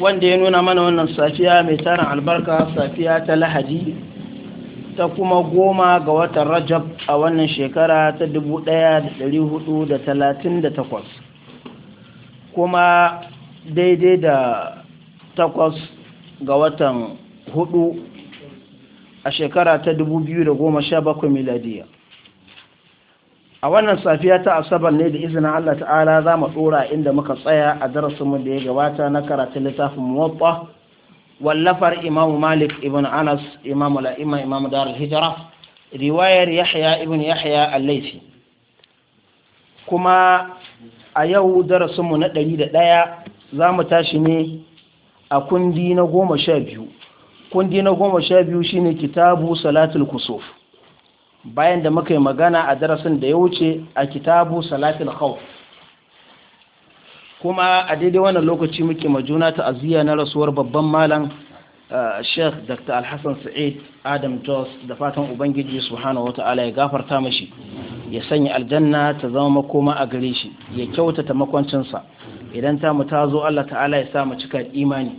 wanda ya nuna mana wannan safiya mai tarin albarka safiya ta lahadi ta kuma goma ga watan rajab a wannan shekara ta 1438 kuma daidai da takwas ga watan hudu a shekara ta 2017 miladiya a wannan safiya ta asabar ne da izinin Allah ta'ala za mu tsora inda muka tsaya a darasinmu da ya gabata na karatun littafin muwaffa wallafar imamu malik ibn anas imamu la'ima imamu darul hijira riwayar yahya ibn yahya al-laifi kuma a yau darasinmu na ɗari da ɗaya za mu tashi ne a kundi na goma sha biyu kundi na goma sha biyu shine kitabu salatul kusuf bayan da muka yi magana a darasin da ya wuce a kitabu salatul khawf kuma a daidai wannan lokaci muke majuna aziya na rasuwar babban malam uh, Sheikh Dr. Alhassan Sa'id Adam Jos da fatan Ubangiji Subhanahu wa ta'ala ya gafarta mashi ya sanya aljanna ta zama makoma a gare shi ya kyautata makwancinsa idan ta mu tazo Allah ta'ala ya sa mu cika imani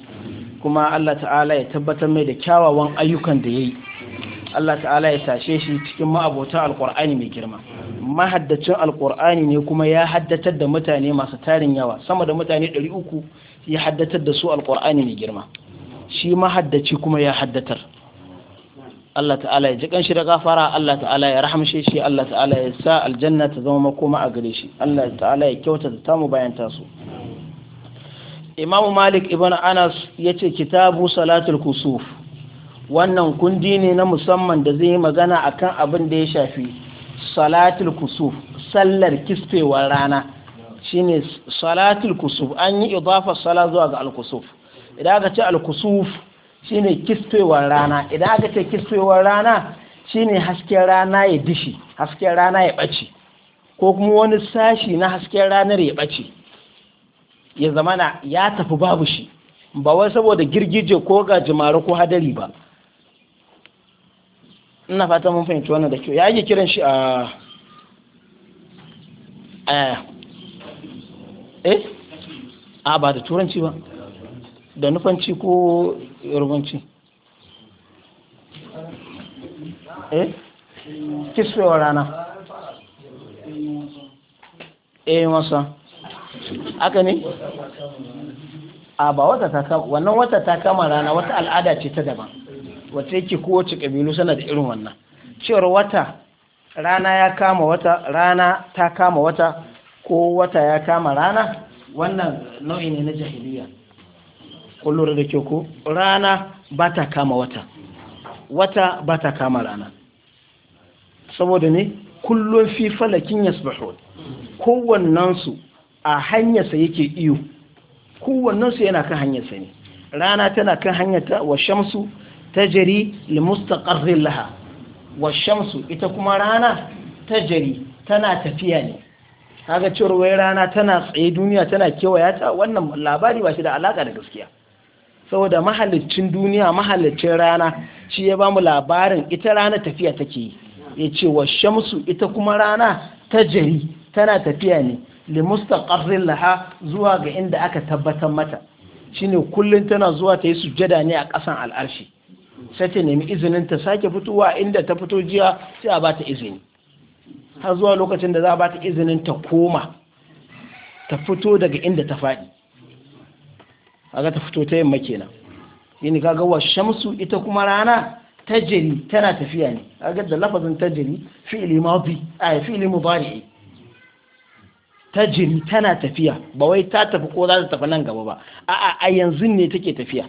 kuma Allah ta'ala ya tabbatar mai da kyawawan ayyukan da yayi Allah ta'ala ya tashe shi cikin ma'abota alkur'ani mai girma mahaddacin alkur'ani ne kuma ya haddatar da mutane masu tarin yawa sama da mutane 300 ya haddatar da su alkur'ani mai girma shi mahaddaci kuma ya haddatar Allah ta'ala ya ji kanshi da gafara Allah ta'ala ya rahamshe shi Allah ta'ala ya sa aljanna ta zama makoma a gare shi Allah ta'ala ya kyautata ta mu bayan taso. Imam Malik ibn Anas yace kitabu salatul kusuf wannan kundi ne na musamman da zai yi magana a kan abin da ya shafi salatul kusuf sallar kisfewar rana shine salatul kusuf an yi idafa sala zuwa ga al'kusuf idan aka ce al'kusuf shi shine kisfewar rana idan aka ce kisfewar rana shine hasken rana ya dishi hasken rana ya ɓace ko kuma wani sashi na hasken ranar ya ɓace ya zamana ya tafi babu shi ba wai saboda girgije ko ga gajimare ko hadari ba ina fata mun fahimci wannan da kyau ya yi kiran shi a eh a ba da turanci ba da nufanci ko yarbanci eh kisfewa rana eh wasa aka ne a ba wata ta kama wannan wata ta kama rana wata al'ada ce ta daban wata yake kowace ƙabilu sana da irin wannan cewar wata rana ya kama wata rana ta kama wata ko wata ya kama rana wannan nau'i ne na jahiliya kullum da ke ko rana ba ta kama wata wata ba ta kama rana saboda ne kullum fi falakin yasbahun kowannensu a hanyarsa yake iyo kowannensu yana kan hanyarsa ne rana tana kan hanyarta wa shamsu Tajari li mustaqarrin laha shamsu ita kuma rana tajri tana tafiya ne kaga cewa wai rana tana tsaye duniya tana kewayata, wannan labari ba shi da alaka da gaskiya saboda mahalicin duniya mahalicin rana shi ya bamu labarin ita rana tafiya take yi ya ce wa shamsu ita kuma rana tajari tana tafiya ne limustaqarrin laha zuwa ga inda aka tabbatar mata shine kullun tana zuwa ta yi sujjada ne a ƙasan al'arshi sai ta nemi izinin ta sake fitowa inda ta fito jiya sai a bata izini har zuwa lokacin da za a bata izinin ta koma ta fito daga inda ta faɗi ga ta fito ta yamma kenan yini kaga wa shamsu ita kuma rana tajri tana tafiya ne ga da lafazin tajri fi'li madi ay fi'li mudari tajri tana tafiya ba wai ta tafi ko za ta tafi nan gaba ba a'a a yanzu ne take tafiya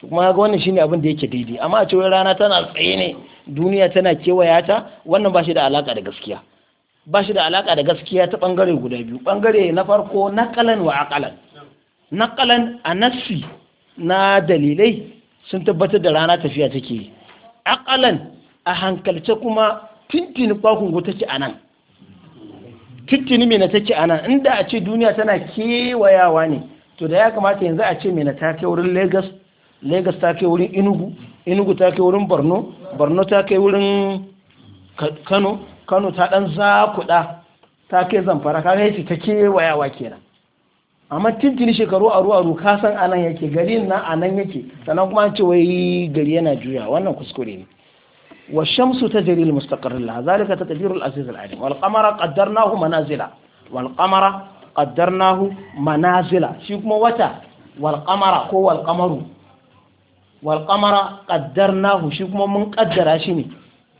kuma ga wannan shine abin da yake daidai amma a cewa rana tana tsaye ne duniya tana kewaya ta wannan ba shi da alaka da gaskiya ba shi da alaka da gaskiya ta bangare guda biyu bangare na farko naqalan wa aqalan naqalan a na dalilai sun tabbatar da rana tafiya take aqalan a hankalce kuma tintini kwakungu take a nan me mena take anan nan inda a ce duniya tana kewayawa ne to da ya kamata yanzu a ce na ta kai wurin lagos Legas ta ke wurin inugu inugu ta ke wurin borno borno ta ke wurin kano kano ta dan zakuda ta ke zamfara kaga yace ta ke wayawa kenan amma tintini shekaru a ruwa ru ka san anan yake gari na anan yake sannan kuma an ce wai gari yana juya wannan kuskure ne wa shamsu jaril lil mustaqarril la zalika tadbiru al aziz al alim wal qamara qaddarnahu manazila wal qaddarnahu manazila shi kuma wata wal ko wal walƙamara ƙaddar nahu, shi kuma mun ƙaddara shi ne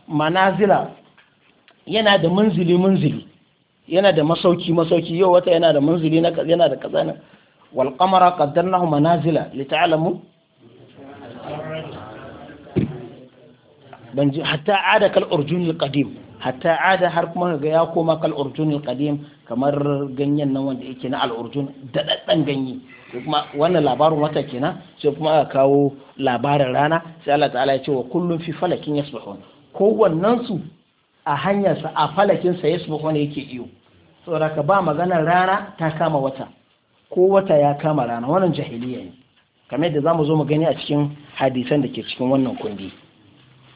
manazila yana da munzili munzili yana da masauki masauki yau wata yana da munzili na yana da kaza walƙamara ƙaddar nahu, manazila li ta'lamu ban ji hatta adakal kal urjun qadim hatta ada har kuma ga ya koma kal urjunil qadim kamar ganyen nan wanda yake na al urjun dadaddan ganye kuma wannan labarin wata kenan sai kuma aka kawo labarin rana sai Allah ta'ala ya ce wa kullun fi falakin yasbahun kowannen su a hanyar sa a falakin sa yasbahun yake iyo saboda ka ba maganar rana ta kama wata ko wata ya kama rana wannan jahiliya ne kamar yadda zamu zo mu gani a cikin hadisan da ke cikin wannan kundi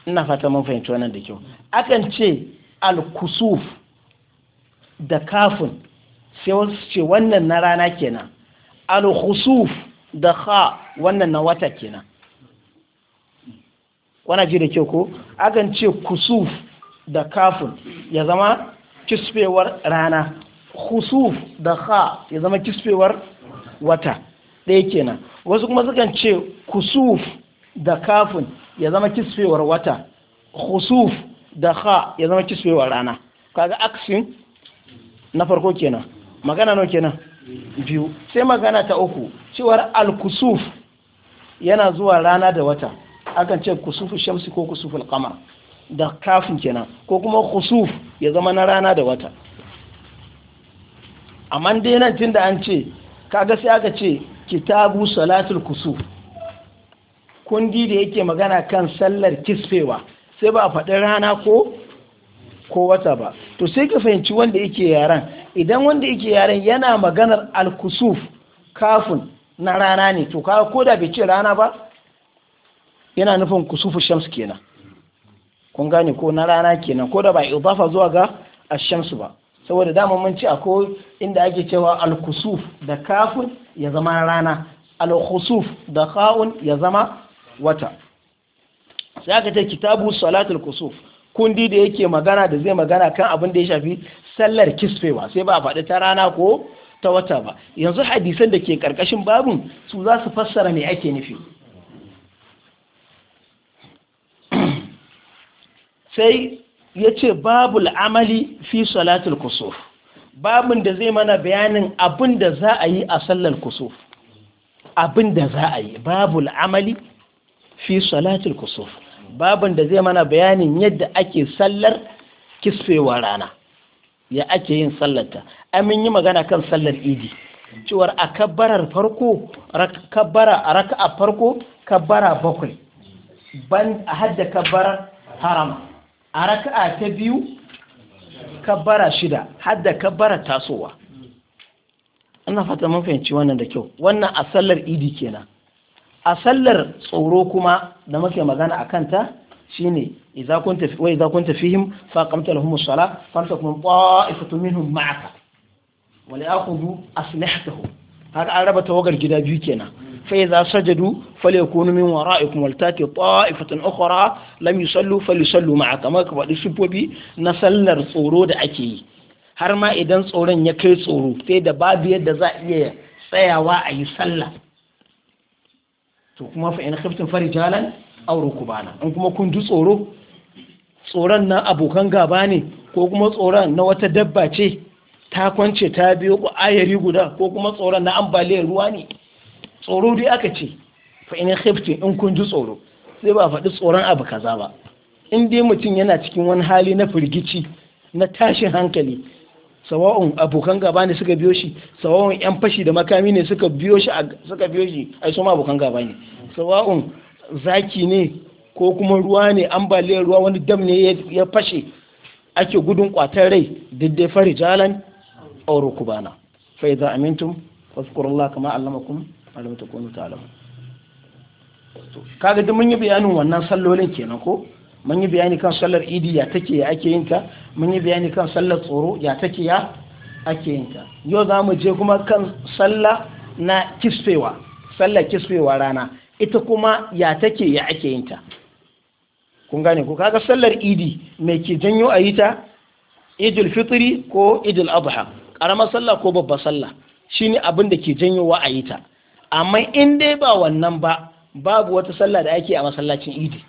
ina fata mun fahimci wannan da kyau akan ce al-kusuf da kafin sai wasu ce wannan na rana kenan al-khusuf da kha wannan na wata kenan wana ji da kyau ko akan ce kusuf da kafin ya zama kisfewar rana khusuf da kha ya zama kisfewar wata ɗaya kenan wasu kuma sukan ce kusuf da kafin ya zama kisfewar wata khusuf da kha ya zama kisfewar rana kaga aksin na farko kenan magana nawa kenan biyu sai magana ta uku cewar al-kusuf yana zuwa rana da wata akan ce kusufu shamsi ko kusuful qamar da kafin kenan ko kuma kusuf ya zama na rana da wata amma dai nan tunda an ce kaga sai aka ce kitabu salatul kusuf kundi da yake magana kan sallar kisfewa sai ba a faɗi rana ko ko wata ba to sai ka fahimci wanda yake yaren idan wanda yake yaren yana maganar alkusuf kafin na rana ne to ka ko da bai ce rana ba yana nufin kusufu shams kenan kun gane ko na rana kenan ko da ba idafa zuwa ga ashams shamsu ba saboda dama mun ce akwai inda ake cewa alkusuf da kafin ya zama rana alkusuf da ka'un ya zama wata sai aka ce kitabu salatul kusuf kundi da yake magana da zai magana kan abin da ya shafi sallar kisfewa sai ba a faɗi ta rana ko ta wata ba yanzu hadisan da ke ƙarƙashin babin su za su fassara me ake nufi sai ya ce babul amali fi salatul kusuf babin da zai mana bayanin abin da za a yi a sallar kusuf abin da za a yi babul amali fi salatul kusuf baban da zai mana bayanin yadda ake sallar kisfewa rana ya ake yin sallarta amin yi magana kan sallar idi cewar a kabbarar farko kabbara a raka'a farko kabbara bakwai ban a hadda kabbarar harama a raka'a ta biyu kabbara shida hadda kabbara tasowa ina fata mun fahimci wannan da kyau wannan a sallar idi kenan a sallar tsoro kuma da muke magana a kanta shine idza kunta wa idza kunta fihim fa qamta lahum as-salah fantakum ta'ifatu minhum ma'aka wa a aslihatahum har an raba tawagar gida biyu kenan fa idza sajadu falyakunu min wara'ikum waltati ta'ifatan ukhra lam yusallu falyusallu ma'aka maka faɗi sifofi na sallar tsoro da ake yi har ma idan tsoron ya kai tsoro sai da babu yadda za a iya tsayawa a yi sallah to kuma fa in khiftum farijalan aw rukbana in kuma kun ji tsoro tsoron na abokan gaba ne ko kuma tsoron na wata dabba ce ta kwance ta biyo ku ayari guda ko kuma tsoron na ambaliyar ruwa ne tsoro dai aka ce fa in khiftum in kun ji tsoro sai ba faɗi tsoron abu kaza ba in dai mutum yana cikin wani hali na firgici na tashin hankali sawa'un abokan gaba ne suka biyo shi sawa'un yan fashi da makami ne suka biyo shi suka biyo shi ai su ma abokan gaba ne sawa'un zaki ne ko kuma ruwa ne ambaliyar ruwa wani dam ne ya fashe ake gudun kwatar rai daidai farijalan auro kubana fa idza amintum fazkurullah kama allamakum alam takunu ta'lamun kaga duk mun yi bayanin wannan sallolin kenan ko mun yi bayani kan sallar idi ya take ya ake yinta mun yi bayani kan sallar tsoro ya take ya ake yinta yau za mu je kuma kan sallah na kisfewa sallar kisfewa rana ita kuma ya take ya ake yin ta kun gane ku kaga sallar idi mai ke janyo a yi ta idul fitri ko idul adha karamar sallah ko babbar sallah Shi ne abin da ke janyowa a yi ta amma in dai ba wannan ba babu wata sallah da ake a masallacin idi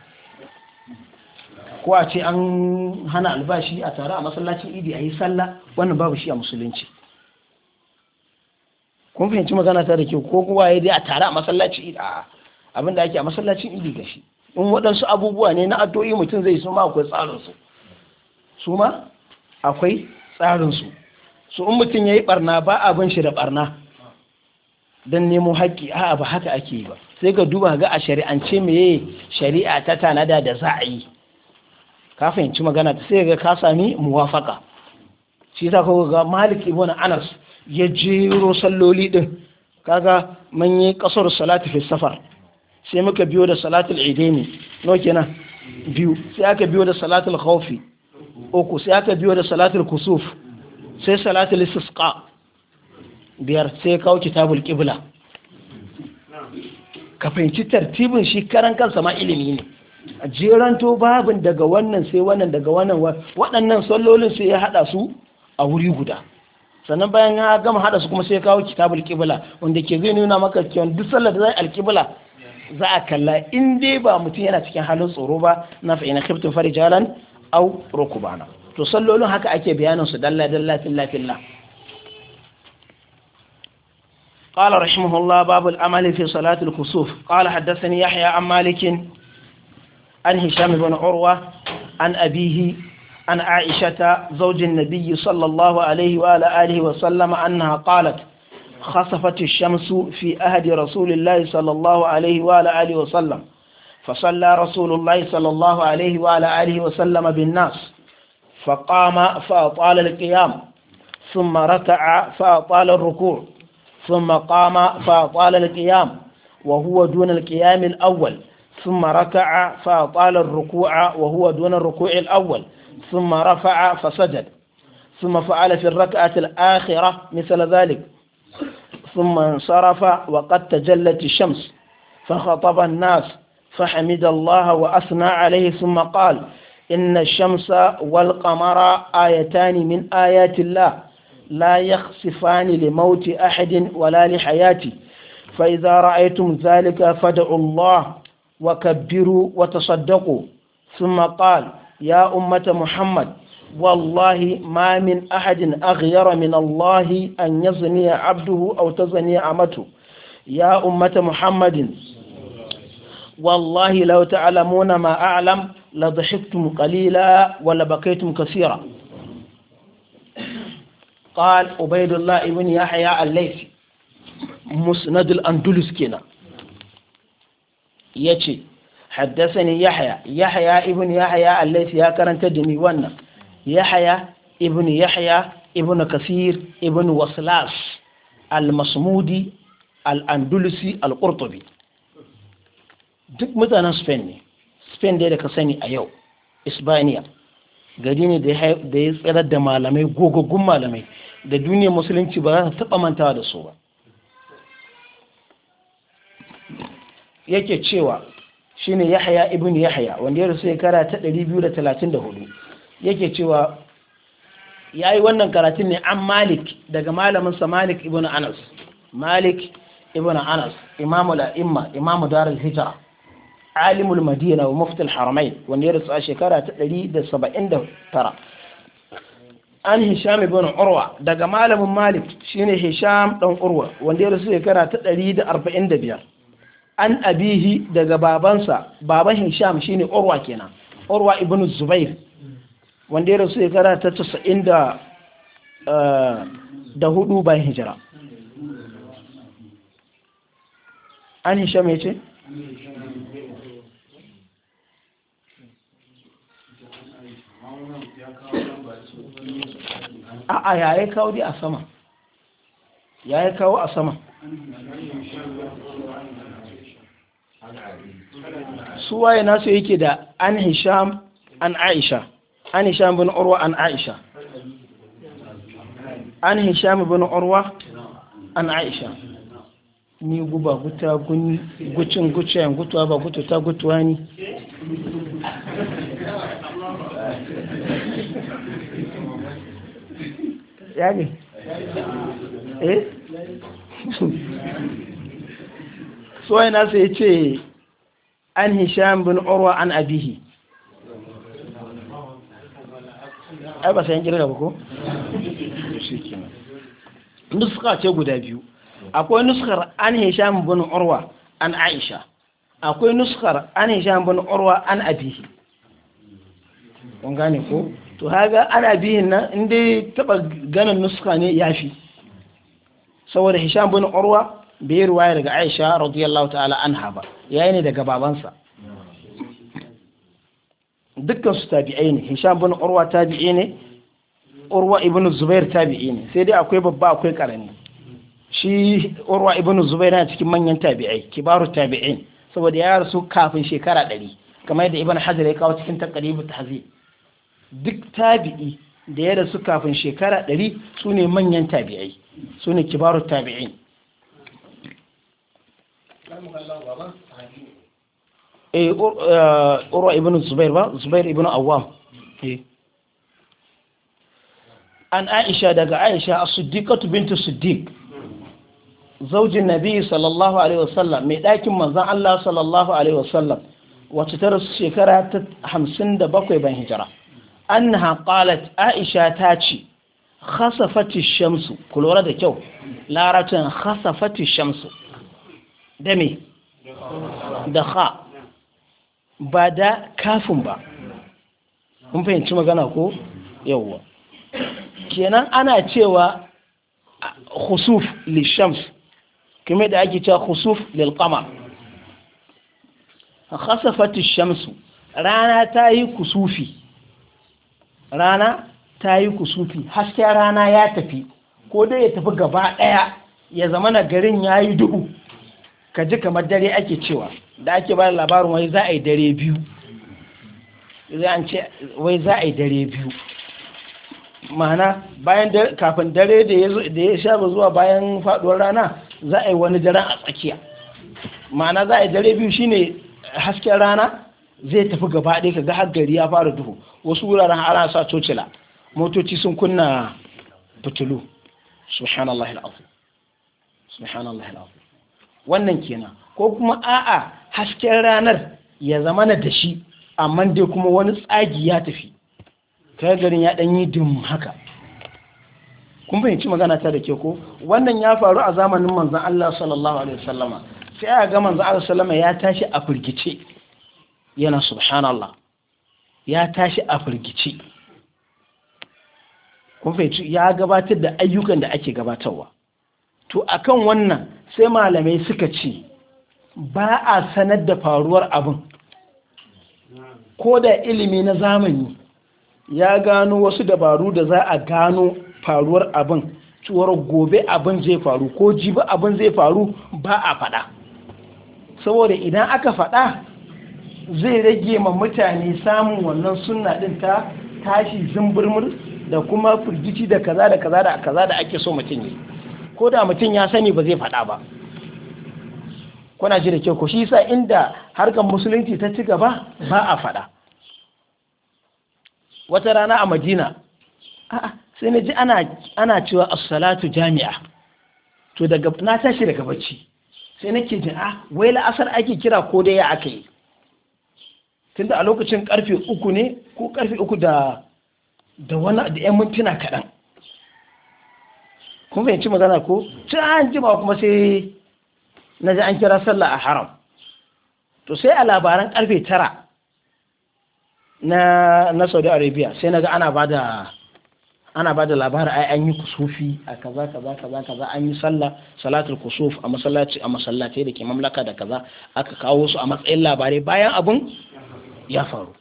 ko a ce an hana albashi a tare a masallacin idi a yi sallah wannan babu shi a musulunci kun fahimci magana ta da ke ko kuwa ya dai a tare a masallacin idi abinda ake a masallacin idi gashi in waɗansu abubuwa ne na addu'o'i mutum zai su ma akwai tsarin su ma akwai tsarinsu su in mutum ya yi barna ba abin shi da barna don nemo haƙƙi a ba haka ake yi ba sai ka duba ga a shari'ance meye shari'a ta tanada da za a yi ka fahimci magana ta sai ga ka sami muwafaka shi ta kawo ga malik ibn anas ya jero salloli din kaga manyan kasar salati fi safar sai muka biyo da salatul idini no kenan biyu sai aka biyo da salatul khawfi uku sai aka biyo da salatul kusuf sai salatul istisqa biyar sai kawo kitabul qibla ka fahimci tartibin shi karan kansa ma ilimi ne a jeranto babin daga wannan sai wannan daga wannan waɗannan sallolin sai ya haɗa su a wuri guda sannan bayan ya gama haɗa su kuma sai ya kawo kitabul qibla wanda ke zai nuna maka cewa duk sallar da zai alqibla za a kalla in dai ba mutum yana cikin halin tsoro ba na fa'ina khiftu farijalan aw rukubana to sallolin haka ake bayanin su dalla dalla filla filla قال رحمه الله باب الأمل في صلاة الكسوف قال حدثني يحيى عن مالك عن هشام بن عروة عن أبيه عن عائشة زوج النبي صلى الله عليه وآله وسلم أنها قالت خصفت الشمس في أهد رسول الله صلى الله عليه وعلى آله وسلم فصلى رسول الله صلى الله عليه وعلى آله وسلم بالناس فقام فأطال القيام ثم ركع فأطال الركوع ثم قام فأطال القيام وهو دون القيام الأول ثم ركع فأطال الركوع وهو دون الركوع الأول ثم رفع فسجد ثم فعل في الركعة الآخرة مثل ذلك ثم انصرف وقد تجلت الشمس فخطب الناس فحمد الله وأثنى عليه ثم قال إن الشمس والقمر آيتان من آيات الله لا يخسفان لموت أحد ولا لحياتي فإذا رأيتم ذلك فادعوا الله وكبروا وتصدقوا ثم قال يا أمة محمد والله ما من أحد أغير من الله أن يزني عبده أو تزني عمته يا أمة محمد والله لو تعلمون ما أعلم لضحكتم قليلا ولبكيتم كثيرا قال عبيد الله بن يحيى الليثي مسند الأندلس كنا يتي حدثني يحيى يحيى ابن يحيى الليثي يا كرنت دني wannan Yahaya, Ibnu yahya Ibnu kasir Ibnu waslas al-masmudi al-andalusi al-qurtubi duk mutanen spain ne spain dai da ka sani a yau isbaniya gari ne da ya tsirar da malamai gogaggun malamai da duniyar musulunci ba za ta taɓa mantawa da su ba yake cewa shine yahya Ibnu Yahaya wanda ya rasu shekara ta 234 yake cewa ya yi wannan karatun ne an malik daga malaminsa malik ibn anas malik ibn anas imamu la'imma imamu darul hijra alimul madina wa muftul haramai wanda ya rasu shekara ta 179 an hisham ibn urwa daga malamin malik shine hisham dan urwa wanda ya rasu shekara ta 145 an abihi daga babansa baban hisham shine urwa kenan urwa ibn zubair wanda ya rasu shekara ta casa'in da eh, hudu bayan hijira an hisham mai ce? a ya yi kawo a sama ya yi kawo a sama suwaye nasu yake da an hisham an aisha an hisham bin urwa an aisha an hisham bin urwa an aisha ni guba guta guni gucin gucin gutuwa ba gututa gutuwa ni ya ne eh so yana sai ce an hisham bin urwa an abihi ai ba sai an kirga ba ko nuska ce guda biyu akwai nuskar an hisham bin urwa an aisha akwai nuskar an hisham bin urwa an abihi kun gane ko to haga an Abihi nan inda dai taba ganin nuska ne fi. saboda hisham bin urwa bai ruwaya daga aisha radiyallahu ta'ala haba. Ya yayi ne daga babansa dukkan su tabi'ai ne hisham bin urwa tabi'i ne urwa ibn zubair tabi'i ne sai dai akwai babba akwai karami shi urwa ibn zubair yana cikin manyan tabi'ai kibaru tabi'in saboda ya rasu kafin shekara ɗari kamar yadda ibn hajar ya kawo cikin taqribu tahzib duk tabi'i da ya rasu kafin shekara ɗari sune manyan tabi'ai sune kibaru tabi'in Eh, eh urwa ibn zubair ba zubair ibn awwam eh. an aisha daga aisha as-siddiqatu bintu siddiq zaujin nabi sallallahu alaihi wasallam mai ɗakin manzon Allah sallallahu alaihi wasallam wacce ta rasu shekara ta hamsin da bakwai ban hijira annaha qalat aisha ta ce khasafati shamsu ku da kyau laratan khasafati shamsu da me da kha ba da kafin ba kun fahimci magana ko yawwa kenan ana cewa khusuf lishams kuma da ake cewa khusuf lil qamar khasafat shamsu rana ta yi kusufi rana ta yi kusufi hasken rana ya tafi ko dai ya tafi gaba ɗaya ya zama na garin ya yi duhu ka ji kamar dare ake cewa da ake ba labarin wai za a yi dare biyu an ce wai za a yi dare biyu ma'ana bayan kafin dare da ya sha zuwa bayan faduwar rana za a yi wani daren a tsakiya ma'ana za a yi dare biyu shine hasken rana zai tafi gaba ɗaya ka ga har gari ya fara duhu wasu wuraren ana sa cocila motoci sun kunna fitilu subhanallah al'afu wannan kenan ko kuma a'a hasken ranar ya zama na da shi amma dai kuma wani tsagi ya tafi kayan garin ya ɗanyi dim haka kun fahimci magana ta da ke ko wannan ya faru a zamanin manzan Allah sallallahu alaihi wasallama sai a ga manzan Allah sallama ya tashi a firgice yana subhanallah ya tashi a firgice kun fahimci ya gabatar da ayyukan da ake gabatarwa to akan wannan sai malamai suka ce ba a sanar da faruwar abin ko da ilimi na zamani ya gano wasu dabaru da za a gano faruwar abin cewar gobe abin zai faru ko jibi abin zai faru ba a faɗa saboda idan aka faɗa zai rage ma mutane samun wannan sunna ɗin ta tashi zimbirmir da kuma firgici da kaza da kaza da kaza da ake so mutum yi ko da mutum ya sani ba zai faɗa ba kuna ji da kyau ko shi yasa inda harkar musulunci ta ci gaba ba a faɗa wata rana a madina sai na ji ana cewa a salatu jami'a to daga na tashi daga bacci sai nake ke a ah, wai la'asar ake kira ko dai ya aka yi tunda a lokacin karfe uku ne ko karfe uku da da wani da yan mintuna kaɗan kuma fahimci magana ko ta an jima kuma sai na ji an kira sallah a haram to sai a labaran karfe tara na na saudi arabia sai na ga ana ba da ana ba da ai an yi kusufi a kaza kaza kaza kaza an yi sallah salatul kusuf a masallaci a masallatai da ke mamlaka da kaza aka kawo su a matsayin labarai bayan abun ya faru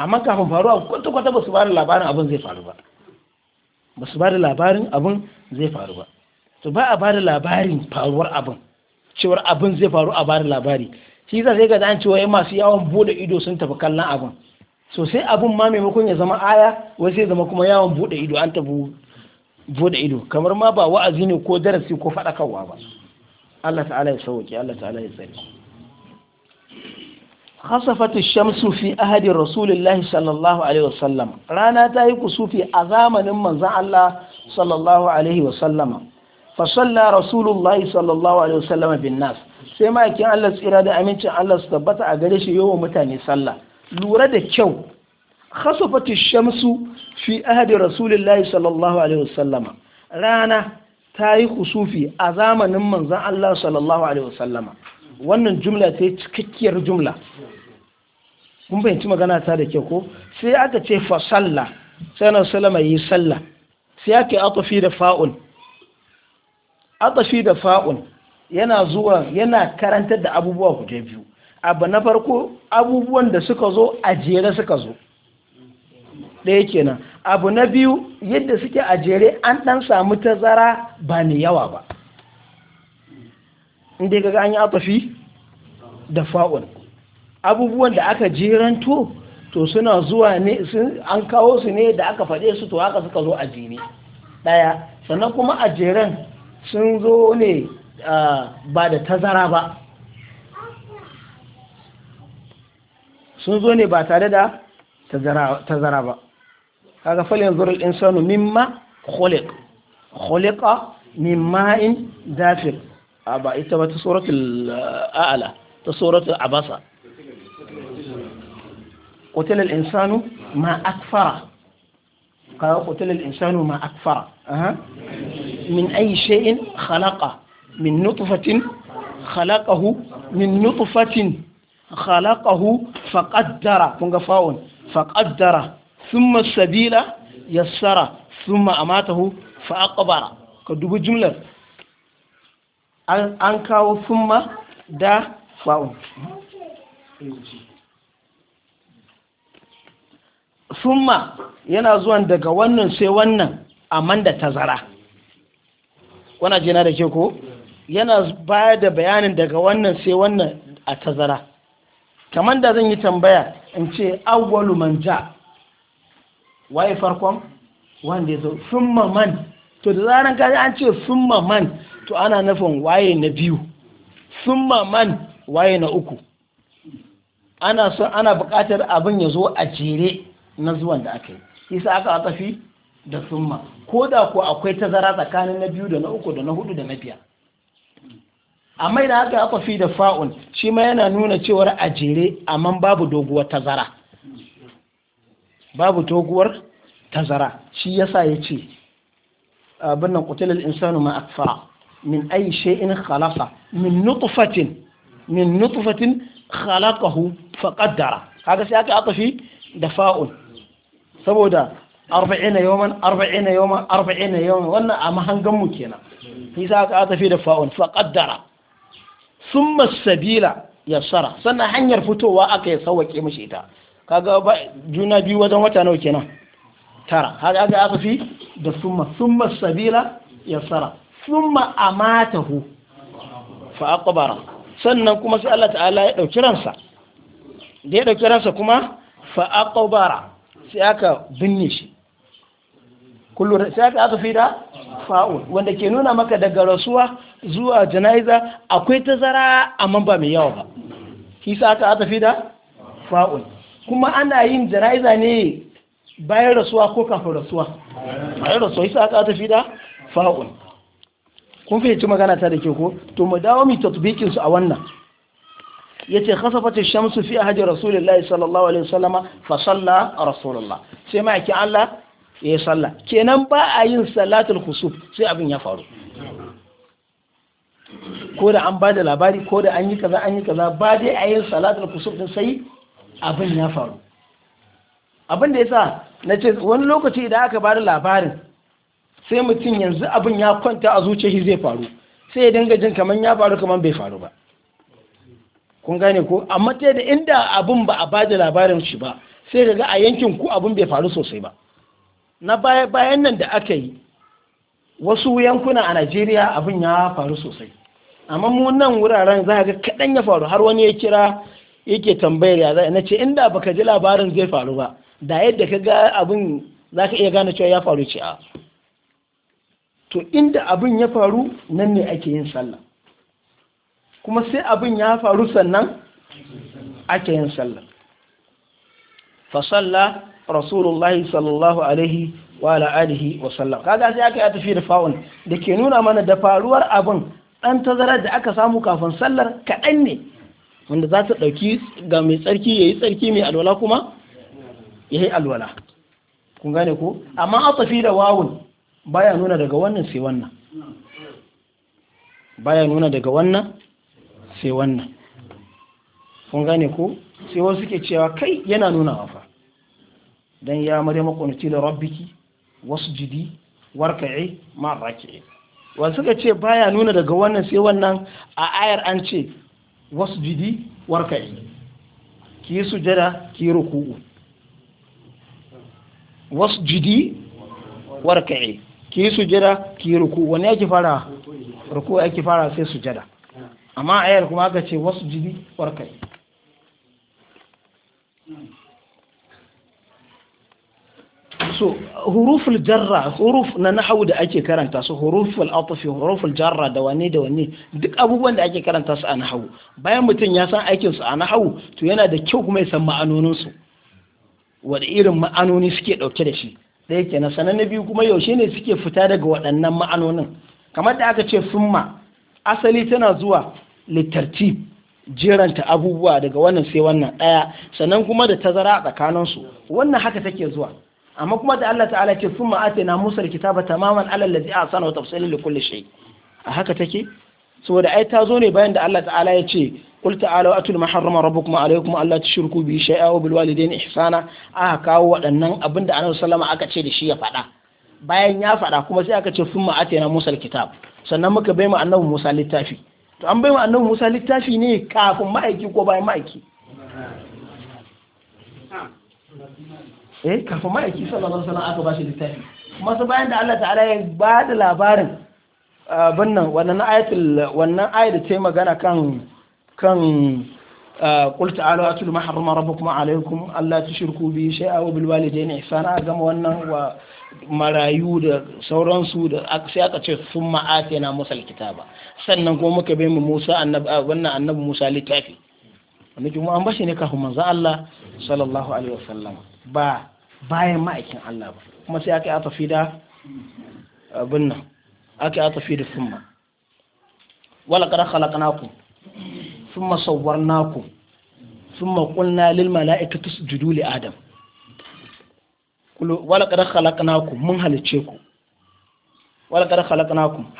amma kafin faruwa kwata kwata ba su ba da labarin abun zai faru ba ba su ba da labarin abun zai faru ba To ba a ba da labarin faruwar abin cewar abin zai faru a ba da labari shi za sai ga an cewa yan masu yawon bude ido sun tafi kallon abin so sai abin ma maimakon ya zama aya wai sai zama kuma yawon bude ido an tafi bude ido kamar ma ba wa'azi ne ko darasi ko faɗakarwa ba Allah ta'ala ya sauke Allah ta'ala ya tsare khasafat ash-shams fi ahdi rasulillahi sallallahu alaihi wasallam rana ta yi kusufi a zamanin manzon Allah sallallahu alaihi wasallama fa salla rasulullahi sallallahu alaihi wasallam bin nas sai ma'aikin Allah tsira da amincin Allah su tabbata a gare shi yawan mutane sallah lura da kyau khasafati shamsu fi ahadi rasulillahi sallallahu alaihi wasallam rana ta yi kusufi a zamanin manzon Allah sallallahu alaihi wasallam wannan jumla ta yi cikakkiyar jumla kun fahimci magana ta da kyau ko sai aka ce fa sallah sai na sallama yi sallah sai aka yi atafi da fa'ul atafi da fa'un yana zuwa yana karantar da abubuwa guje biyu abu na farko abubuwan da suka zo a jere suka zo ɗaya kenan abu na biyu yadda suke a jere an ɗan samu tazara ba ne yawa ba inda ga an yi atafi da fa'un abubuwan da aka jeranto to suna zuwa ne an kawo su ne da aka faɗe su to haka suka zo a jere ɗaya sannan kuma a jeren sun zo ne ba da tazara ba sun zo ne ba tare da tazara ba kaga falin zurar insanu mimma khuliq khuliqa min ma'in dafir a ba ita ba ta suratul a'la ta suratul abasa قتل الإنسان ما أكفر قال قتل الإنسان ما أكفر أه. min ayi shay'in khalaqa min nutfatin khalaqahu min nutfatin khalaqahu faqaddara kun ga fa'un faqaddara thumma sabila yassara thumma amatahu fa'aqbara ka dubi jumlar an kawo thumma da fa'un thumma yana zuwan daga wannan sai wannan amman da tazara wana jina da ke ko yana baya da bayanin daga wannan sai wannan a tazara kamar da zan yi tambaya in ce awwalu man ja waye farkon wanda ya zo summa man to da zaran kaji an ce summa man to ana nufin waye na biyu summa man waye na uku ana son buƙatar abin ya zo a jere na zuwan da aka yi isa aka tafi da summa ko da ku akwai tazara tsakanin na biyu da na uku da na hudu da na biyar amma idan aka aka fi da fa'un shi ma yana nuna cewar a jere amma babu doguwar tazara babu doguwar tazara shi yasa ya ce abin nan kutilal insanu ma akfara min ayi shay'in khalaqa min nutfatin min nutfatin khalaqahu faqaddara kaga sai aka aka fi da fa'un saboda arba'ina yawman arba'ina yawman arba'ina yawman wannan a mahangan mu kenan shi sa aka tafi da fa'un fa qaddara thumma sabila yassara sannan hanyar fitowa aka ya sauwake mishi ita kaga juna biyu wajen wata nawa kenan tara haka aka aka fi da thumma thumma sabila yassara thumma amatahu fa aqbara sannan kuma sai Allah ta'ala ya dauki ransa da ya dauki ransa kuma fa aqbara sai aka binne shi kullum sai aka aka fi da fa'ul wanda ke nuna maka daga rasuwa zuwa jana'iza akwai tazara amma ba mai yawa ba kisa aka aka fi da fa'ul kuma ana yin jana'iza ne bayan rasuwa ko kafin rasuwa bayan rasuwa isa aka aka fi da fa'ul kun fahimci magana ta da ke ko to mu dawo mu tatbikin su a wannan yace khasafat ash-shamsu fi ahdi rasulillahi sallallahu alaihi wasallama fa salla rasulullah sai ma yake Allah ya sallah kenan ba a yin salatul khusuf sai abin ya faru ko da an ba da labari ko da an yi kaza an yi kaza ba dai a yin salatul khusuf din sai abin ya faru abin da yasa na ce wani lokaci idan aka ba da labarin sai mutum yanzu abin ya kwanta a zuciya shi zai faru sai ya dinga jin kaman ya faru kaman bai faru ba kun gane ko amma ta da inda abin ba a ba da labarin shi ba sai ga a yankin ku abin bai faru sosai ba na bayan nan da aka yi wasu yankuna a najeriya abin ya faru sosai amma mu nan wuraren za ga kaɗan ya faru har wani ya kira yake tambayar ya na ce inda baka ji labarin zai faru ba da yadda ka ga abin za ka iya gane cewa ya faru ce a to inda abin ya faru nan ne ake yin sallah kuma sai abin ya faru sannan ake yin sallah fa sallah rasulullahi sallallahu alaihi wa ala alihi wa sallam kaga sai aka yi tafi da fa'un da ke nuna mana da faruwar abin dan tazarar da aka samu kafin sallar kaɗan ne wanda za ta ɗauki ga mai tsarki ya yi tsarki mai alwala kuma ya yi alwala kun gane ko amma a tafi da wawun baya nuna daga wannan sai wannan baya nuna daga wannan sai wannan kun gane ko sai wasu ke cewa kai yana nuna wafa dan ya maryama qunti li rabbiki wasjudi warka'i ma raki'i wanda suka ce baya nuna daga wannan sai wannan a ayar an ce wasjudi warka'i ki yi sujada ki yi ruku'u wasjudi warka'i ki yi sujada ki yi ruku'u wani yake fara ruku'u yake fara sai sujada amma ayar kuma aka ce wasjudi warka'i so huruful jarra huruf na nahawu da ake karanta su huruful atfi huruful jarra da wane da wane duk abubuwan da ake karanta su a nahawu bayan mutum ya san aikin su a nahawu to yana da kyau kuma ya san ma'anonin su wani irin ma'anoni suke dauke da shi ɗaya kenan sanan na biyu kuma yaushe ne suke fita daga waɗannan ma'anonin kamar da aka ce summa asali tana zuwa littartib jeranta abubuwa daga wannan sai wannan ɗaya sannan kuma da tazara a tsakaninsu wannan haka take zuwa amma kuma da Allah ta'ala ce summa atina musa ta tamaman ala allazi ahsana wa tafsilan li kulli shay a haka take saboda ai ta zo ne bayan da Allah ta'ala ya ce qul ta'ala atul maharrama rabbukum alaykum alla tushriku bi shay'a wa bil walidayni ihsana a kawo waɗannan abin da Annabi sallama aka ce da shi ya faɗa bayan ya faɗa kuma sai aka ce summa atina musa kitab sannan muka bai mu Annabi Musa littafi to an bai mu Annabi Musa littafi ne kafin ma'aiki ko bayan ma'aiki eh kafin ma'aiki sallallahu alaihi wasallam aka bashi littafi masu bayan da Allah ta'ala ya ba da labarin abin nan wannan ayatul wannan ayat da ta magana kan kan qul ta'alu atul ma harrama rabbukum alaykum alla tushriku bi shay'a wa bil walidayni ihsana gama wannan wa marayu da sauransu da sai aka ce sun ma'ate na musa kitaba sannan kuma muka bai mu musa annabi wannan annabi musa littafi wanda kuma an bashi ne kafin manzo Allah sallallahu alaihi wasallam ba bayan ma'aikin Allah ba kuma sai aka yi atafi da abin nan aka yi atafi da summa wala kada khalaqnakum summa sawwarnakum summa qulna lil mala'ikati isjudu li adam wala kada khalaqnakum mun halice ku wala kada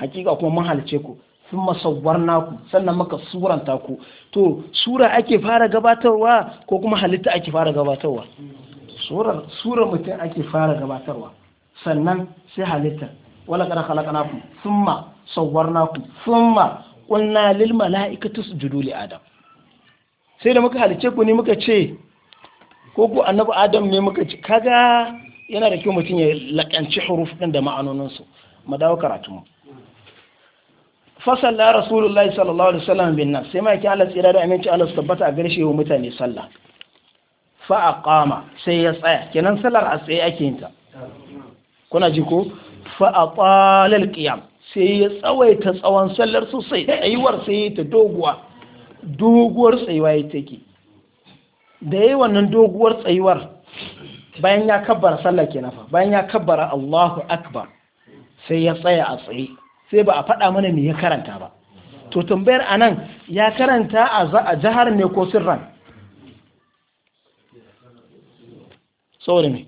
hakika kuma mun halice ku sun masauwar naku sannan maka suranta ku to sura ake fara gabatarwa ko kuma halitta ake fara gabatarwa sura mutum ake fara gabatarwa sannan sai halitta wala kada halakana ku summa sauwarna ku ma qulna lil ta isjudu li adam sai da muka halice ku ne muka ce ko ku annabi adam ne muka ce kaga yana da kyau mutum ya lakanci huruf ɗin da ma'anonin su mu dawo karatu mu fasalla rasulullahi sallallahu alaihi wasallam bin nas sai maki Allah tsira da aminci Allah tabbata a gare shi wa mutane sallah fa aqama sai ya tsaya kenan sallar a tsaye ake yin ta kuna ji ko fa atala alqiyam sai ya tsawaita tsawon sallar sosai tsayuwar sai ta doguwa doguwar tsayuwa ya take da yayi wannan doguwar tsayuwar bayan ya kabbara sallar kenan fa bayan ya kabbara Allahu akbar sai ya tsaya a tsaye sai ba a faɗa mana me ya karanta ba to tambayar anan ya karanta a jihar ne ko sirran saboda me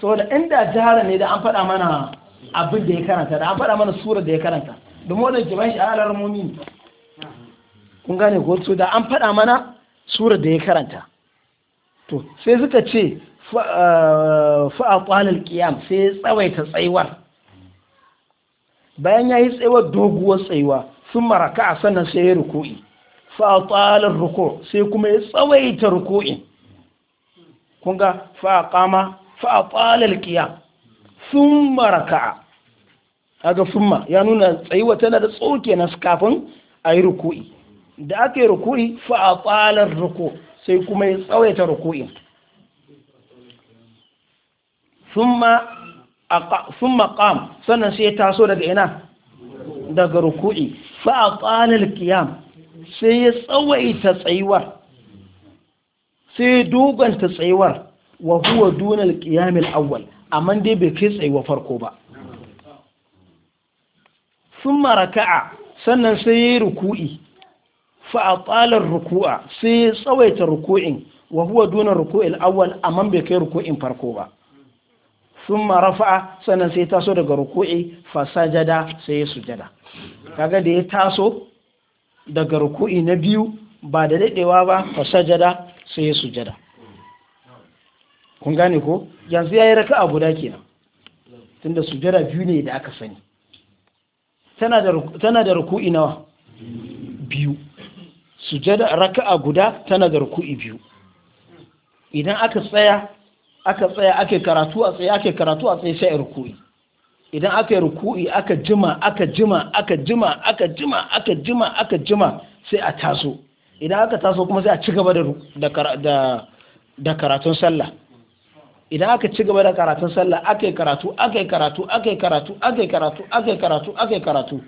saboda inda jihar ne da an faɗa mana abin da ya karanta da an faɗa mana surar da ya karanta domin wannan jima'i shi alar mumini kun gane ko to da an faɗa mana surar da ya karanta to sai suka ce fa'a eh, ƙwalar ƙiyam sai tsawaita tsaiwar bayan ya yi tsayuwar doguwar tsayuwa sun maraka a sannan sai ya ruku'i fa'atalar ruku sai kuma ya tsawaita ruku'in kunga fa'aqama fa'atalar qiyam sun maraka a aga summa ya nuna tsayuwa tana da tsoke na kafin a yi ruku'i da aka yi ruku'i fa'atalar ruku sai kuma ya tsawaita ruku'in summa sun maƙam sannan sai ya taso daga ina daga ruku'i fa a ƙalar kiyam sai ya tsawaita tsayuwar sai ya doganta tsayuwar wa huwa dunar kiyamil awwal amma dai bai kai tsayuwa farko ba sun maraka'a sannan sai ya yi ruku'i fa a ƙalar ruku'a sai ya tsawaita ruku'in wa huwa dunar ruku'il awwal amma bai kai ruku'in farko ba sun rafa'a sannan sai taso daga ruku'i fasajada sai ya sujada kaga da ya taso daga ruku'i na biyu ba da daɗewa ba fasajada sai ya sujada kun gane ko yanzu ya yi raka a guda kenan tunda sujada biyu ne da aka sani tana da ruku'i nawa biyu sujada raka a guda tana da ruku'i biyu idan aka tsaya aka tsaya ake karatu a tsaye ake karatu a tsaye sai ruku'i idan aka yi ruku'i aka jima aka jima aka jima aka jima aka jima aka jima sai a taso idan aka taso kuma sai a ci gaba da karatun sallah idan aka ci gaba da karatun sallah aka yi karatu aka yi karatu aka yi karatu aka yi karatu aka yi karatu aka yi karatu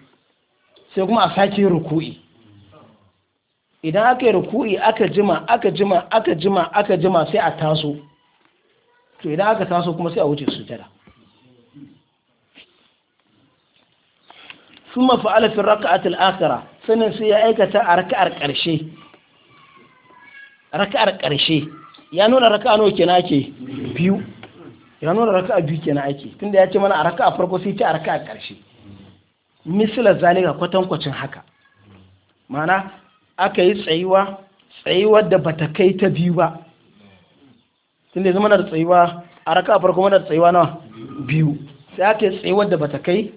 sai kuma a sake ruku'i idan aka yi ruku'i aka jima aka jima aka jima aka jima sai a taso to idan aka taso kuma sai a wuce sujada thumma fa'ala fi raka'at al-akhira sannan sai ya aikata a raka'ar karshe raka'ar karshe ya nuna raka'a nawa kenan ake biyu ya nuna raka'a biyu kenan ake tunda ya ce mana a raka'a farko sai ta a raka'a karshe misla zalika kwacin haka mana aka yi tsayuwa tsayuwar da bata kai ta biyu ba tun da zama na da tsayuwa a raka a farko mana da tsayuwa nawa biyu sai aka yi tsayuwar da bata kai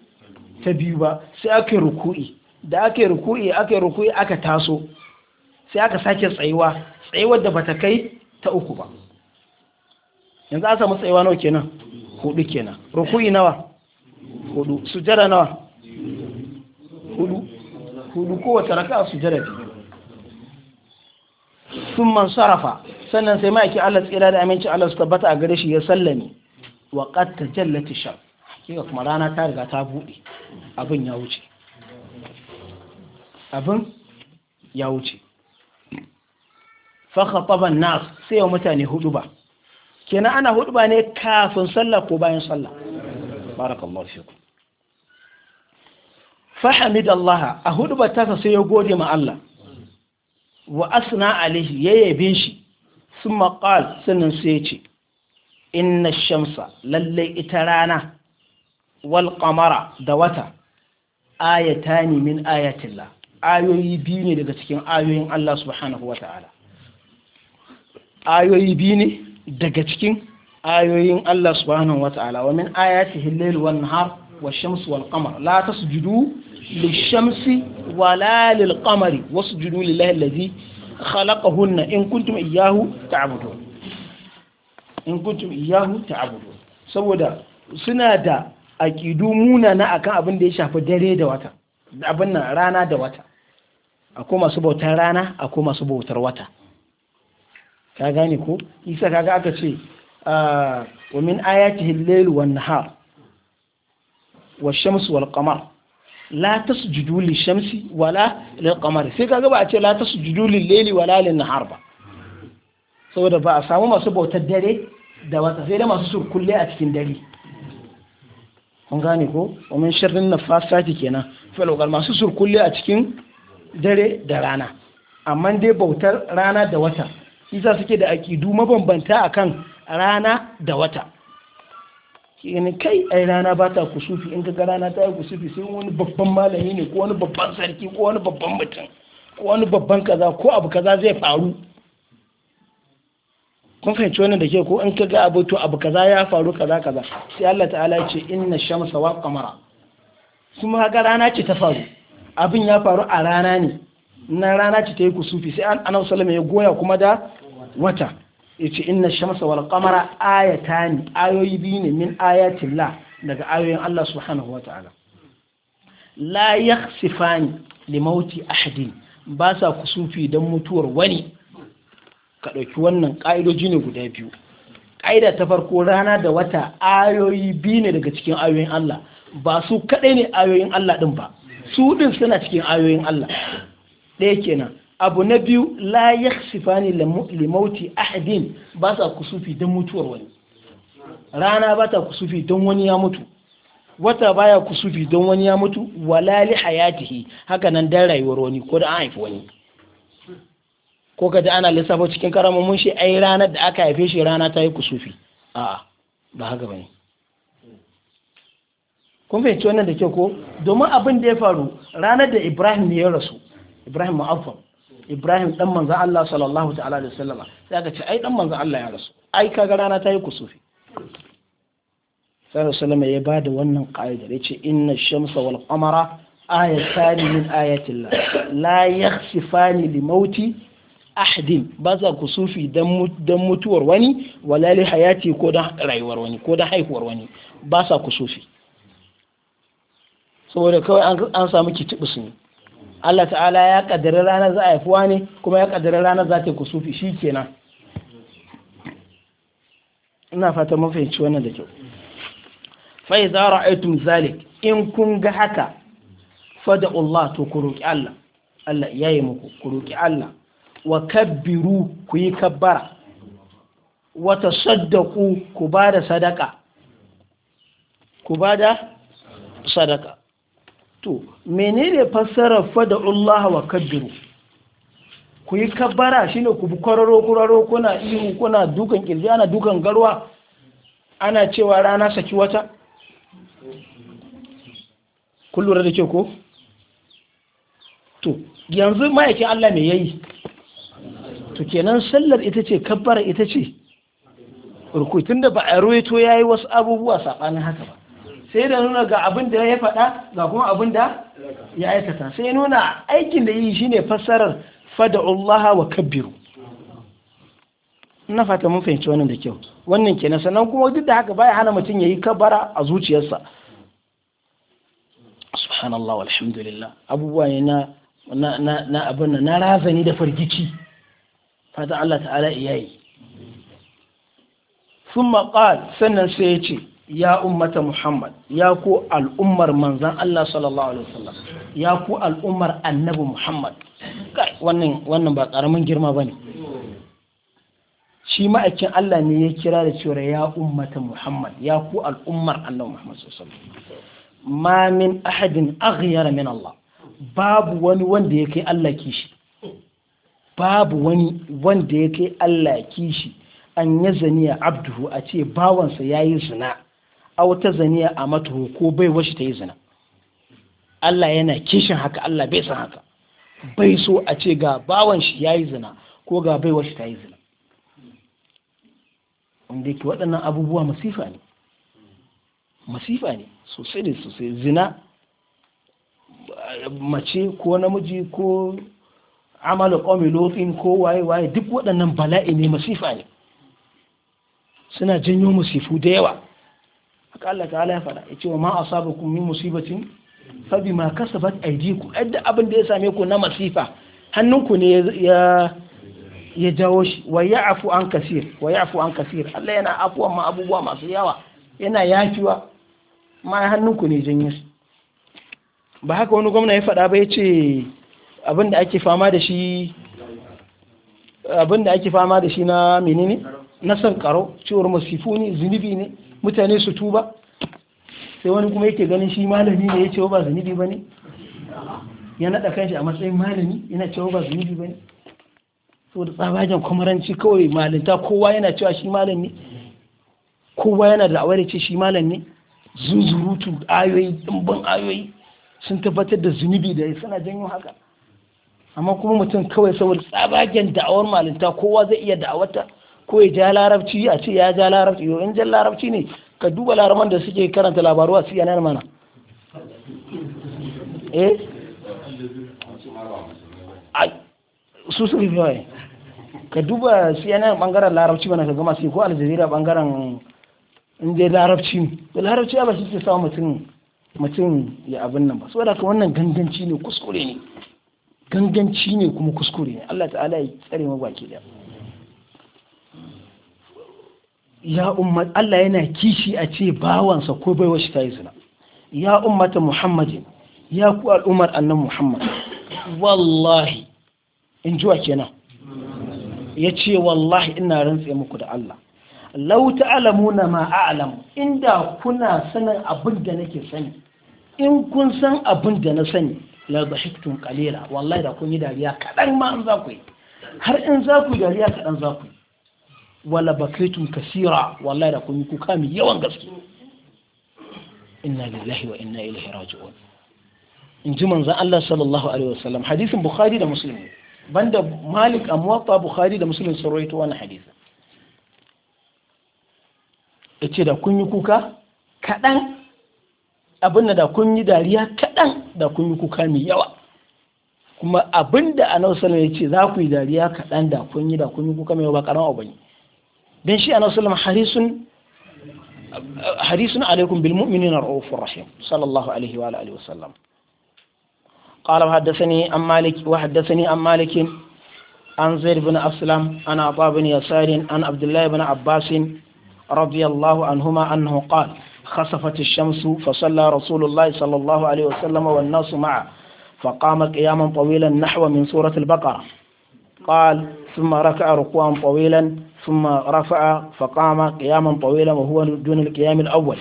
ta biyu ba sai ake ruku'i da ake ruku'i aka ruku'i aka taso sai aka sake tsayuwa tsayuwar da bata kai ta uku ba yanzu an samu tsayuwa nawa kenan hudu kenan ruku'i nawa hudu sujada nawa hudu hudu kowace raka sujada biyu sun man sarafa sannan sai maki Allah tsira da aminci Allah su tabbata a gare shi ya sallame wa qad tajallati shar hakika kuma rana ta riga ta bude. abin ya wuce abin ya wuce fa khataba nas sai ya mutane hudu ba kenan ana hudu ne kafin sallah ko bayan sallah barakallahu fikum fa hamidallaha a hudu ta sai ya gode ma Allah wa asna alaihi ya yabe shi sun maƙal sannan sai ya ce inna shamsa lallai ita rana wal da wata ayatani min ayatilla ayoyi biyu ne daga cikin ayoyin Allah subhanahu wa ta'ala ayoyi biyu ne daga cikin ayoyin Allah subhanahu wa ta'ala wa min ayatihi lail wan nahar والشمس والقمر لا تسجدوا للشمس ولا للقمر واسجدوا لله الذي خلقهن إن كنتم إياه تعبدون in kuntum iyahu ta'budu saboda suna da aqidu munana akan abin da ya shafi dare da wata da abin nan rana da wata akwai masu bautar rana akwai masu bautar wata ka gane ko isa kaga aka ce wa min ayatihi al-lail wan nahar wa shamsu wal qamar la tasjudu li shamsi wala lil qamar sai kaga ba a ce la tasjudu lil layli wala lin nahar ba saboda ba a samu masu bautar dare da wata sai da masu kulle a cikin dare kun gane ko wa min sharrin nafasati kenan fil qamar masu kulle a cikin dare da rana amma dai bautar rana da wata isa suke da aƙidu mabambanta akan rana da wata kenan kai a rana ba ta kusufi in kaga rana ta yi kusufi sai wani babban malami ne ko wani babban sarki ko wani babban mutum ko wani babban kaza ko abu kaza zai faru kun fahimci wannan da ke ko in kaga abu to abu kaza ya faru kaza kaza sai Allah ta'ala ce inna shamsa wa qamara kuma ga rana ce ta faru abin ya faru a rana ne na rana ce ta yi kusufi sai an annabi wasallam ya goya kuma da wata yace inna shamsa wal qamara ayatani ayoyi biyu ne min ayatillah daga ayoyin Allah subhanahu wataala la yakhsifani limauti ahadin ba sa kusufi don mutuwar wani ka dauki wannan ƙa'idoji ne guda biyu ƙa'ida ta farko rana da wata ayoyi biyu ne daga cikin ayoyin Allah ba su kadai ne ayoyin Allah din ba su din suna cikin ayoyin Allah ɗaya kenan abu na biyu la ne limauti ahadin ba sa kusufi don mutuwar wani rana ba ta kusufi don wani ya mutu wata baya kusufi don wani ya mutu wala li hayatihi haka nan dan rayuwar wani ko da an haifi wani ko ka ji ana lissafa cikin karamin shi ai ranar da aka haife shi rana ta yi kusufi a'a ba haka bane kun fahimci wannan da kyau ko domin abin da ya faru ranar da Ibrahim ya rasu Ibrahim Mu'affam Ibrahim dan manza Allah sallallahu ta'ala wasallama sai aka ce ai dan manza Allah ya rasu ai kaga rana ta yi kusufi sai sallama ya bada wannan qaida ya ce inna shamsa wal qamara ayatani min ayatillah la yakhsifani li mauti ahdin ba za ku sufi don mutuwar wani walali hayati ko don rayuwar wani ko don haihuwar wani ba sa ku sufi saboda kawai an samu kitibu su ne Allah ta'ala ya kaddara ranar za a haifuwa ne kuma ya kaddara ranar za ta kusufi shi kenan ina fata mun wannan da kyau fa idza ra'aytum zalik in kun ga haka fada Allah to ku roki Allah Allah ya yi muku ku roki Allah wa kabbiru ku yi kabbara wata tasaddaqu ku da sadaka ku bada sadaka to menene fassarar "Allah wa kaddiru ku yi kabara shine ku bi kwararo kwararo kuna ihu kuna dukan kirji ana dukan garwa ana cewa rana saki wata kun lura da ke ko to yanzu ma'aikin Allah me yayi to kenan sallar ita ce kabbara ita ce Rukutun da ba a ruwaito yayi wasu abubuwa sabanin haka ba sai da nuna ga abin da ya faɗa ga kuma abin da ya aikata sai nuna aikin da yi shine fassarar fada'ullaha wa kabbiru ina fata mun fahimci wannan da kyau wannan kenan sannan kuma duk da haka baya hana mutum yayi kabara a zuciyarsa subhanallah walhamdulillah abubuwa ne na na na abin na razani da fargici fata Allah ta'ala iyayi Sun قال sannan sai ya ce ya ummata muhammad ya ku al'ummar manzan Allah sallallahu alaihi wasallam ya ku al'ummar annabi muhammad wannan wannan ba karamin girma bane shi ma'aikin Allah ne ya kira da cewa ya ummata muhammad ya ku al'ummar annabi muhammad sallallahu alaihi wasallam ma min ahadin aghyara min Allah babu wani wanda ya kai Allah kishi babu wani wanda ya kai Allah kishi an ya zaniya abduhu a ce bawansa ya yi zina a wata zaniya a matuhu ko bai washi ta yi zina Allah yana kishin haka Allah bai san haka bai so a ce ga bawan shi ya yi zina ko ga bai washi ta yi zina wanda yake waɗannan abubuwa masifa ne masifa ne sosai da sosai zina mace ko namiji ko amalin ƙomi lotsin ko waye-waye duk waɗannan bala'i ne masifa ne suna janyo masifu da yawa haka Allah ala ya faɗa ya ce wa ma asabakum min musibatin ba bima kasabat ku yadda abin da ya same ku na masifa hannunku ne ya jawo shi wa afu an kasir wa afu an kasir Allah yana afuwa ma abubuwa masu yawa yana yafiwa ma hannunku ne janyo shi ba haka wani gwamna ya fada ba ya ce abin da ake fama da shi abin da na menene na sankaro cewar masifu ne zunubi ne mutane su tuba sai wani kuma yake ganin shi malami ne ya ce ba zunubi ba ne ya naɗa kanshi a matsayin malami yana cewa ba zunubi ba ne saboda tsabajen kwamaranci kawai malinta kowa yana cewa shi malam ne kowa yana da awar ce shi malam ne zuzurutu ayoyi ɗimbin ayoyi sun tabbatar da zunubi da sana janyo haka amma kuma mutum kawai saboda tsabagen da'awar malinta kowa zai iya da'awata ko ya ja larabci a ce ya ja larabci yau in jan larabci ne ka duba laraman da suke karanta labaru a CNN mana eh su su bibiyoyi ka duba CNN bangaren larabci mana ka gama su ko aljazeera bangaren inda larabci ne larabci ba su ke samun mutum mutum ya abin nan ba su wadaka wannan ganganci ne kuskure ne ganganci ne kuma kuskure ne Allah ta'ala ya tsare mu baki da ya ummat Allah yana kishi a ce bawansa ko baiwa shi ta yi zina ya ummata muhammadin ya ku al'ummar annan muhammad wallahi in ji wa kenan ya ce wallahi ina rantse muku da Allah lau ta'alamuna ma a'lam inda kuna sanin abin da nake sani in kun san abin da na sani la dhahiktum qalila wallahi da kun yi dariya kadan ma an za ku yi har in za ku yi dariya kadan za ku yi wala bakaitum kasira wallahi da kun yi kuka mai yawan gaske inna lillahi wa inna ilaihi raji'un in ji manzon Allah sallallahu alaihi wasallam hadisin bukhari da muslim banda malik amwata bukhari da muslim sun rawaito wannan hadisi yace da kun yi kuka kadan abin da kun yi dariya kadan da kun yi kuka mai yawa kuma abin da annabi sallallahu alaihi wasallam yace za ku yi dariya kadan da kun yi da kun yi kuka mai yawa ba karan abu ne dan shi annabi sallallahu alaihi wasallam harisun harisun alaikum bil mu'minina ar alaihi wa alihi wasallam qala hadathani am malik wa hadathani am malik an zaid ibn aslam an abba ibn yasar an abdullah ibn abbas radiyallahu anhuma annahu qala خسفت الشمس فصلى رسول الله صلى الله عليه وسلم والناس معه فقام قياما طويلا نحو من سورة قال ثم ركع ركوعا طويلا ثم رفع فقام قياما طويلا وهو دون القيام الأول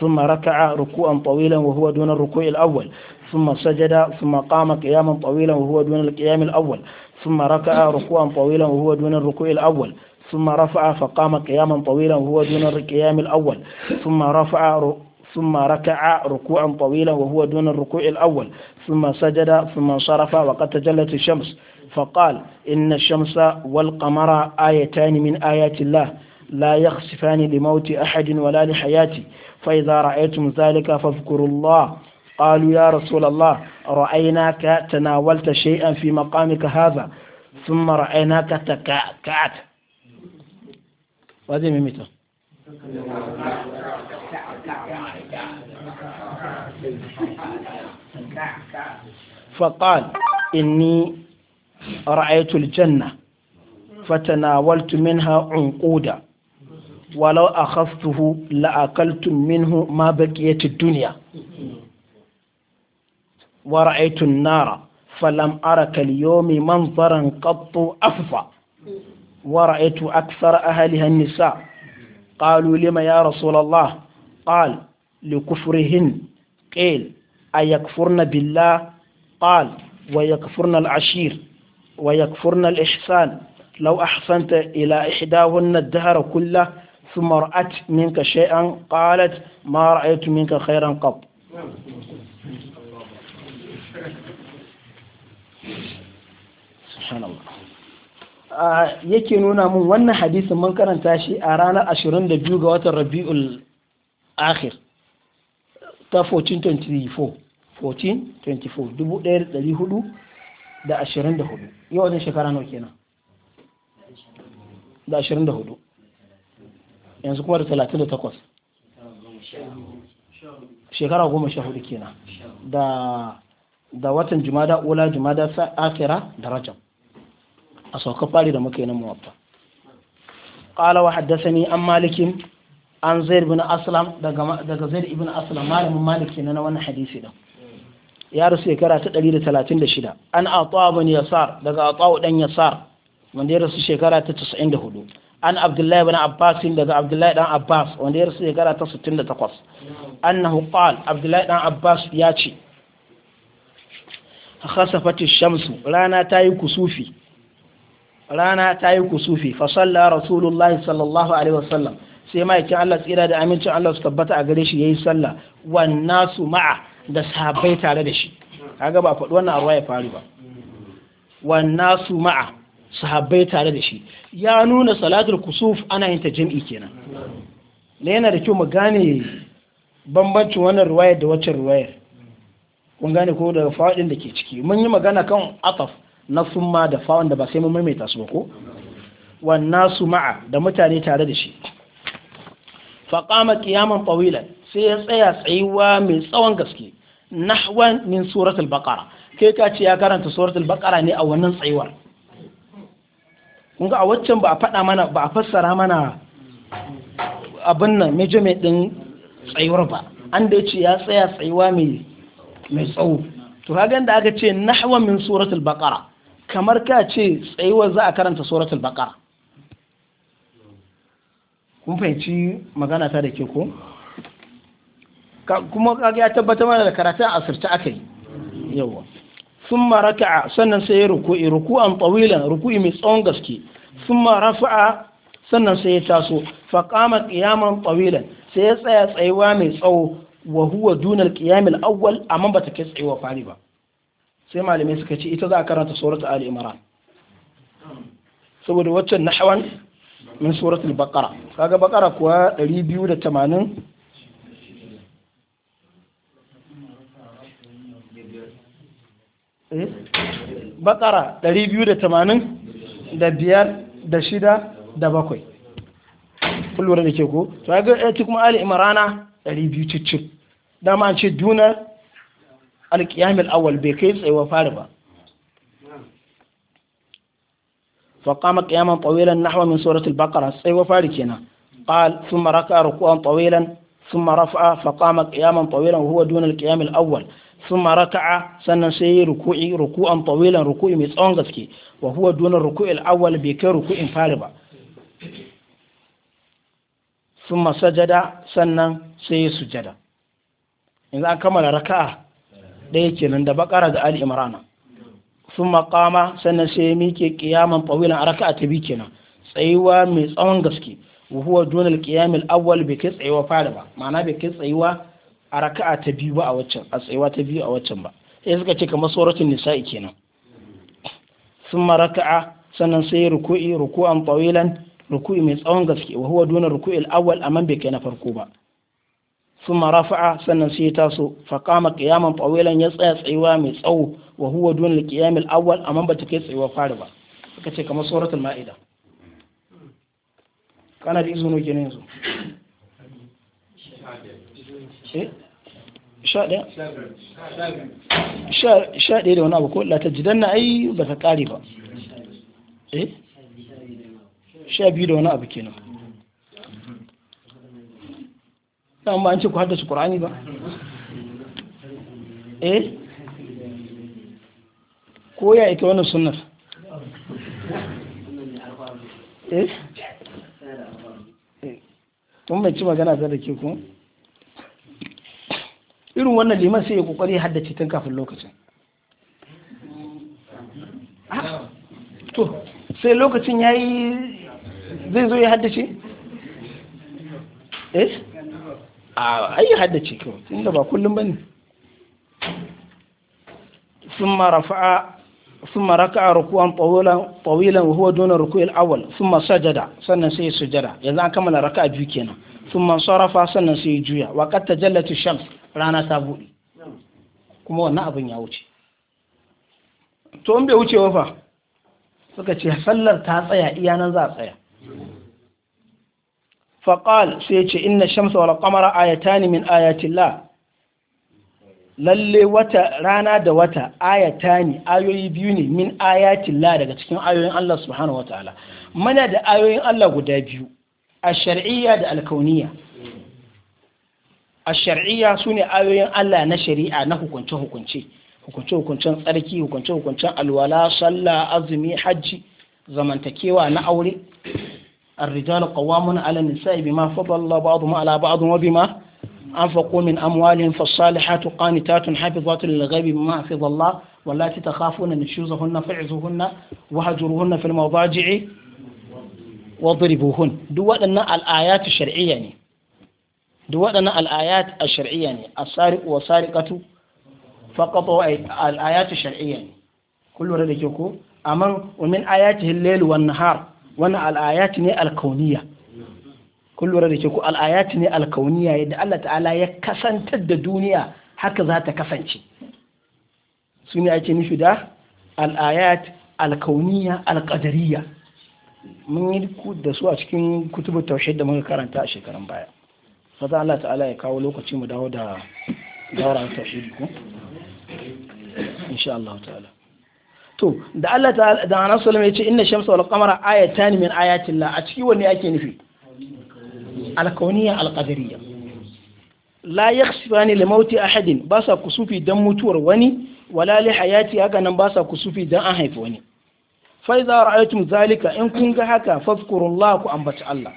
ثم ركع ركوعا طويلا وهو دون الركوع الأول ثم سجد ثم قام قياما طويلا وهو دون القيام الأول ثم ركع ركوعا طويلا وهو دون الركوع الأول ثم رفع فقام قياما طويلا وهو دون القيام الأول ثم رفع ثم ركع ركوعا طويلا وهو دون الركوع الأول ثم سجد ثم انصرف وقد تجلت الشمس فقال إن الشمس والقمر آيتان من آيات الله لا يخسفان لموت أحد ولا لحياتي فإذا رأيتم ذلك فاذكروا الله قالوا يا رسول الله رأيناك تناولت شيئا في مقامك هذا ثم رأيناك تكعت وهذه ميتة فقال إني ra'aytul janna fatanawaltu minha unquda walau akhaftuhu la'akaltun minhu ma baqiyatid dunya wa ra'aytun nara falam araka al-yawmi manzaran qattu affa wa ra'aytu akthara ahli an-nisa qalu lima ya rasul Allah qal likufrihin qil ayakfurna billah qal wa yakfurna al-ashir ويكفرن الإحسان لو أحسنت إلى إحداهن الدهر كله ثم رأت منك شيئا قالت ما رأيت منك خيرا قط subhanallah yake nuna min wannan hadisin mun karanta shi a ranar 22 ga watan rabi'ul akhir ta 1424 1424 da ashirin da hudu yau wajen shekara nawa kenan da ashirin da hudu yanzu kuma da talatin da takwas shekara goma sha hudu kenan da da watan jumada ula jumada akira da rajab a sauka fari da muka yi nan muwatta ƙala wa ni an malikin an zaid bin aslam daga daga zaid ibn aslam malamin maliki na wannan hadisi da. ya rasu shekara ta 136 an ata bin yasar daga ata dan yasar wanda ya rasu shekara ta 94 an abdullahi bin abbas daga abdullahi dan abbas wanda ya rasu shekara ta 68 annahu qal abdullahi dan abbas ya ce khasafati shamsu rana ta yi kusufi rana ta yi kusufi fa salla rasulullah sallallahu alaihi wasallam sai ma'aikin Allah tsira da amincin Allah su tabbata a gare shi yayi sallah wan nasu ma'a da sahabbai tare da shi kaga ba faɗi wannan arwa ya faru ba wannan su ma'a sahabbai tare da shi ya nuna salatul kusuf ana yin ta jam'i kenan da yana da kyau mu gane bambancin wannan ruwayar da wacce ruwayar kun gane ko daga fa'idin da ke ciki mun yi magana kan ataf na summa da fa'on da ba sai mun maimaita su ba ko wannan su ma'a da mutane tare da shi faƙama qiyaman fawilan sai ya tsaya tsayuwa mai tsawon gaske nahwan min suratul baqara kai ka ce ya karanta suratul baqara ne a wannan tsayuwar kun ga a waccan ba a faɗa mana ba a fassara mana abin nan mai ɗin tsayuwar ba an da ce ya tsaya tsayuwa mai tsawo to hagan da aka ce nahwa min suratul baqara kamar ka ce tsayuwar za a karanta suratul baqara kun fahimci magana ta da ke ko kuma kaga ya tabbatar mana da karatun a aka yi yawa sun raka'a sannan sai ya ruku'i ruku'an tawilan ruku'i mai tsawon gaske sun rafa'a sannan sai ya taso faƙama ƙiyaman tawilan sai ya tsaya tsayuwa mai tsawo wa huwa dunar ƙiyamil awwal amma ba ta kai tsayuwa fari ba sai malamai suka ce ita za a karanta suratul ali imran saboda waccan nahwan min suratul baqara kaga baqara kuwa 280 Eh? bakara biyu da tamanin, da biyar da shida da bakwai kullum da ke ko to ga eh, ci kuma ali ɗari biyu cicci dama an ce dunar alƙiyamil awal bai kai tsayuwa fari ba فقام قياما طويلا نحو من سورة البقرة سيوا فاركنا قال ثم ركع ركوعا طويلا ثم رفع فقام قياما طويلا وهو دون القيام الأول Sun ثم sannan sai سي ركوعي ruku'an tawilan ruku'i mai tsawon gaske wa huwa dunar ruku'i al'awwal bai kai ruku'in fari ba ma sajada sannan sai ya sujada za a kammala raka'a ɗaya nan da bakara da ali imrana ma قام sannan sai ya miƙe qiyaman طويلا raka'a ta bi kenan tsayuwa mai tsawon gaske wa huwa dunar القيام الاول bai kai tsayuwa fari ba ma'ana bai kai tsayuwa a raka'a ta biyu ba a waccan a tsayuwa ta biyu a waccan ba sai suka ce kamar suratul nisa'i kenan sun raka'a sannan sai ruku'i ruku'an tawilan ruku'i mai tsawon gaske wa huwa duna ruku'il awwal amma bai kai na farko ba ya taso fa qama qiyaman tawilan ya tsaya tsayuwa mai tsawo wa huwa duna al qiyamil al-awwal amma bata kai tsayuwa fara ba ce kamar suratul maida kana da izini ne yanzu Eh? sha ɗaya sha ɗaya da wani abu ko la tajidan na ai ba ta ƙare ba eh sha biyu da wani abu kenan dan ba an ce ku haddasa qur'ani ba eh ko ya ita wannan sunnar eh, eh tun bai ci magana da ke ku irin wannan liman sai ya kokari haddace tun kafin lokacin to sai lokacin ya yi zai zo ya haddace eh a yi haddace kawai inda ba kullum ba ne sun marafa sun raka a rukuwan ƙawilan huwa donar rukuwar awal sun masu sajada sannan sai ya sujada yanzu an kammala raka a biyu kenan sun masu rafa sannan sai ya juya wa ƙatta jallatin shams rana ta buɗe kuma wannan abin ya wuce to in bai wuce fa suka ce sallar ta tsaya iya nan za a tsaya faƙal sai ce inna shamsa wal qamara ayatani min ayatillah lalle wata rana da wata ayatani ayoyi biyu ne min ayatillah daga cikin ayoyin Allah subhanahu wataala mana da ayoyin Allah guda biyu a shar'iyya da alkauniyya a shar'iyya su ne ayoyin Allah na shari'a na hukunce-hukunce hukunce-hukuncen tsarki hukunce-hukuncen alwala sallah azumi hajji zamantakewa na aure الرجال قوامون على النساء بما فضل الله بعضهم على بعض وبما أنفقوا من أموالهم فالصالحات قانتات حافظات للغيب بما حفظ الله واللاتي تخافون نشوزهن فعزوهن وهجروهن في المضاجع واضربوهن دو الآيات الشرعية يعني duk waɗannan al'ayat a shar'iyya ne a sariƙu wa sariƙatu faƙaɓa al'ayat shar'iyya ne kullum da ke ko amma umin ayati hillel wa nahar wannan al'ayat ne alkauniya kullum da ke ko al'ayat ne alkauniya yadda Allah ta'ala ya kasantar da duniya haka za ta kasance su ne ake nufi da al'ayat alkauniya alƙadariya mun yi da su a cikin kutubu taushe da muka karanta a shekarun baya fata Allah ta'ala ya kawo lokaci mu dawo da daura tauhidi ko insha Allah ta'ala to da Allah ta'ala da Annabi sallallahu alaihi inna shamsa wal qamara ayatan min ayatin a cikin wanne ake nufi alkauniya alqadariyya la yakhsifani li mauti ahadin ba sa kusufi dan mutuwar wani wala li hayati haka nan ba sa kusufi dan an haifi wani fa idza ra'aytum zalika in kun ga haka fadhkurullahu ku ambaci Allah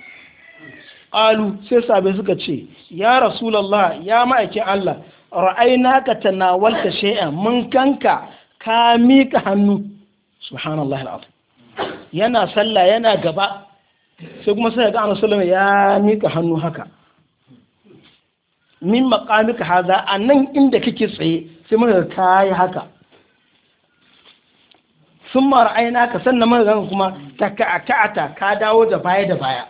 qalu sai sabai suka ce ya rasulullah ya ma'aikin Allah ra'ainaka ka tanawalta shay'an mun kanka ka mika hannu subhanallahi alazim yana sallah yana gaba sai kuma sai ga annabi sallallahu ya mika hannu haka min maqamika haza anan inda kake tsaye sai muka yi haka sun mara aina ka sannan muka kuma ta ka'ata ka dawo da baya da baya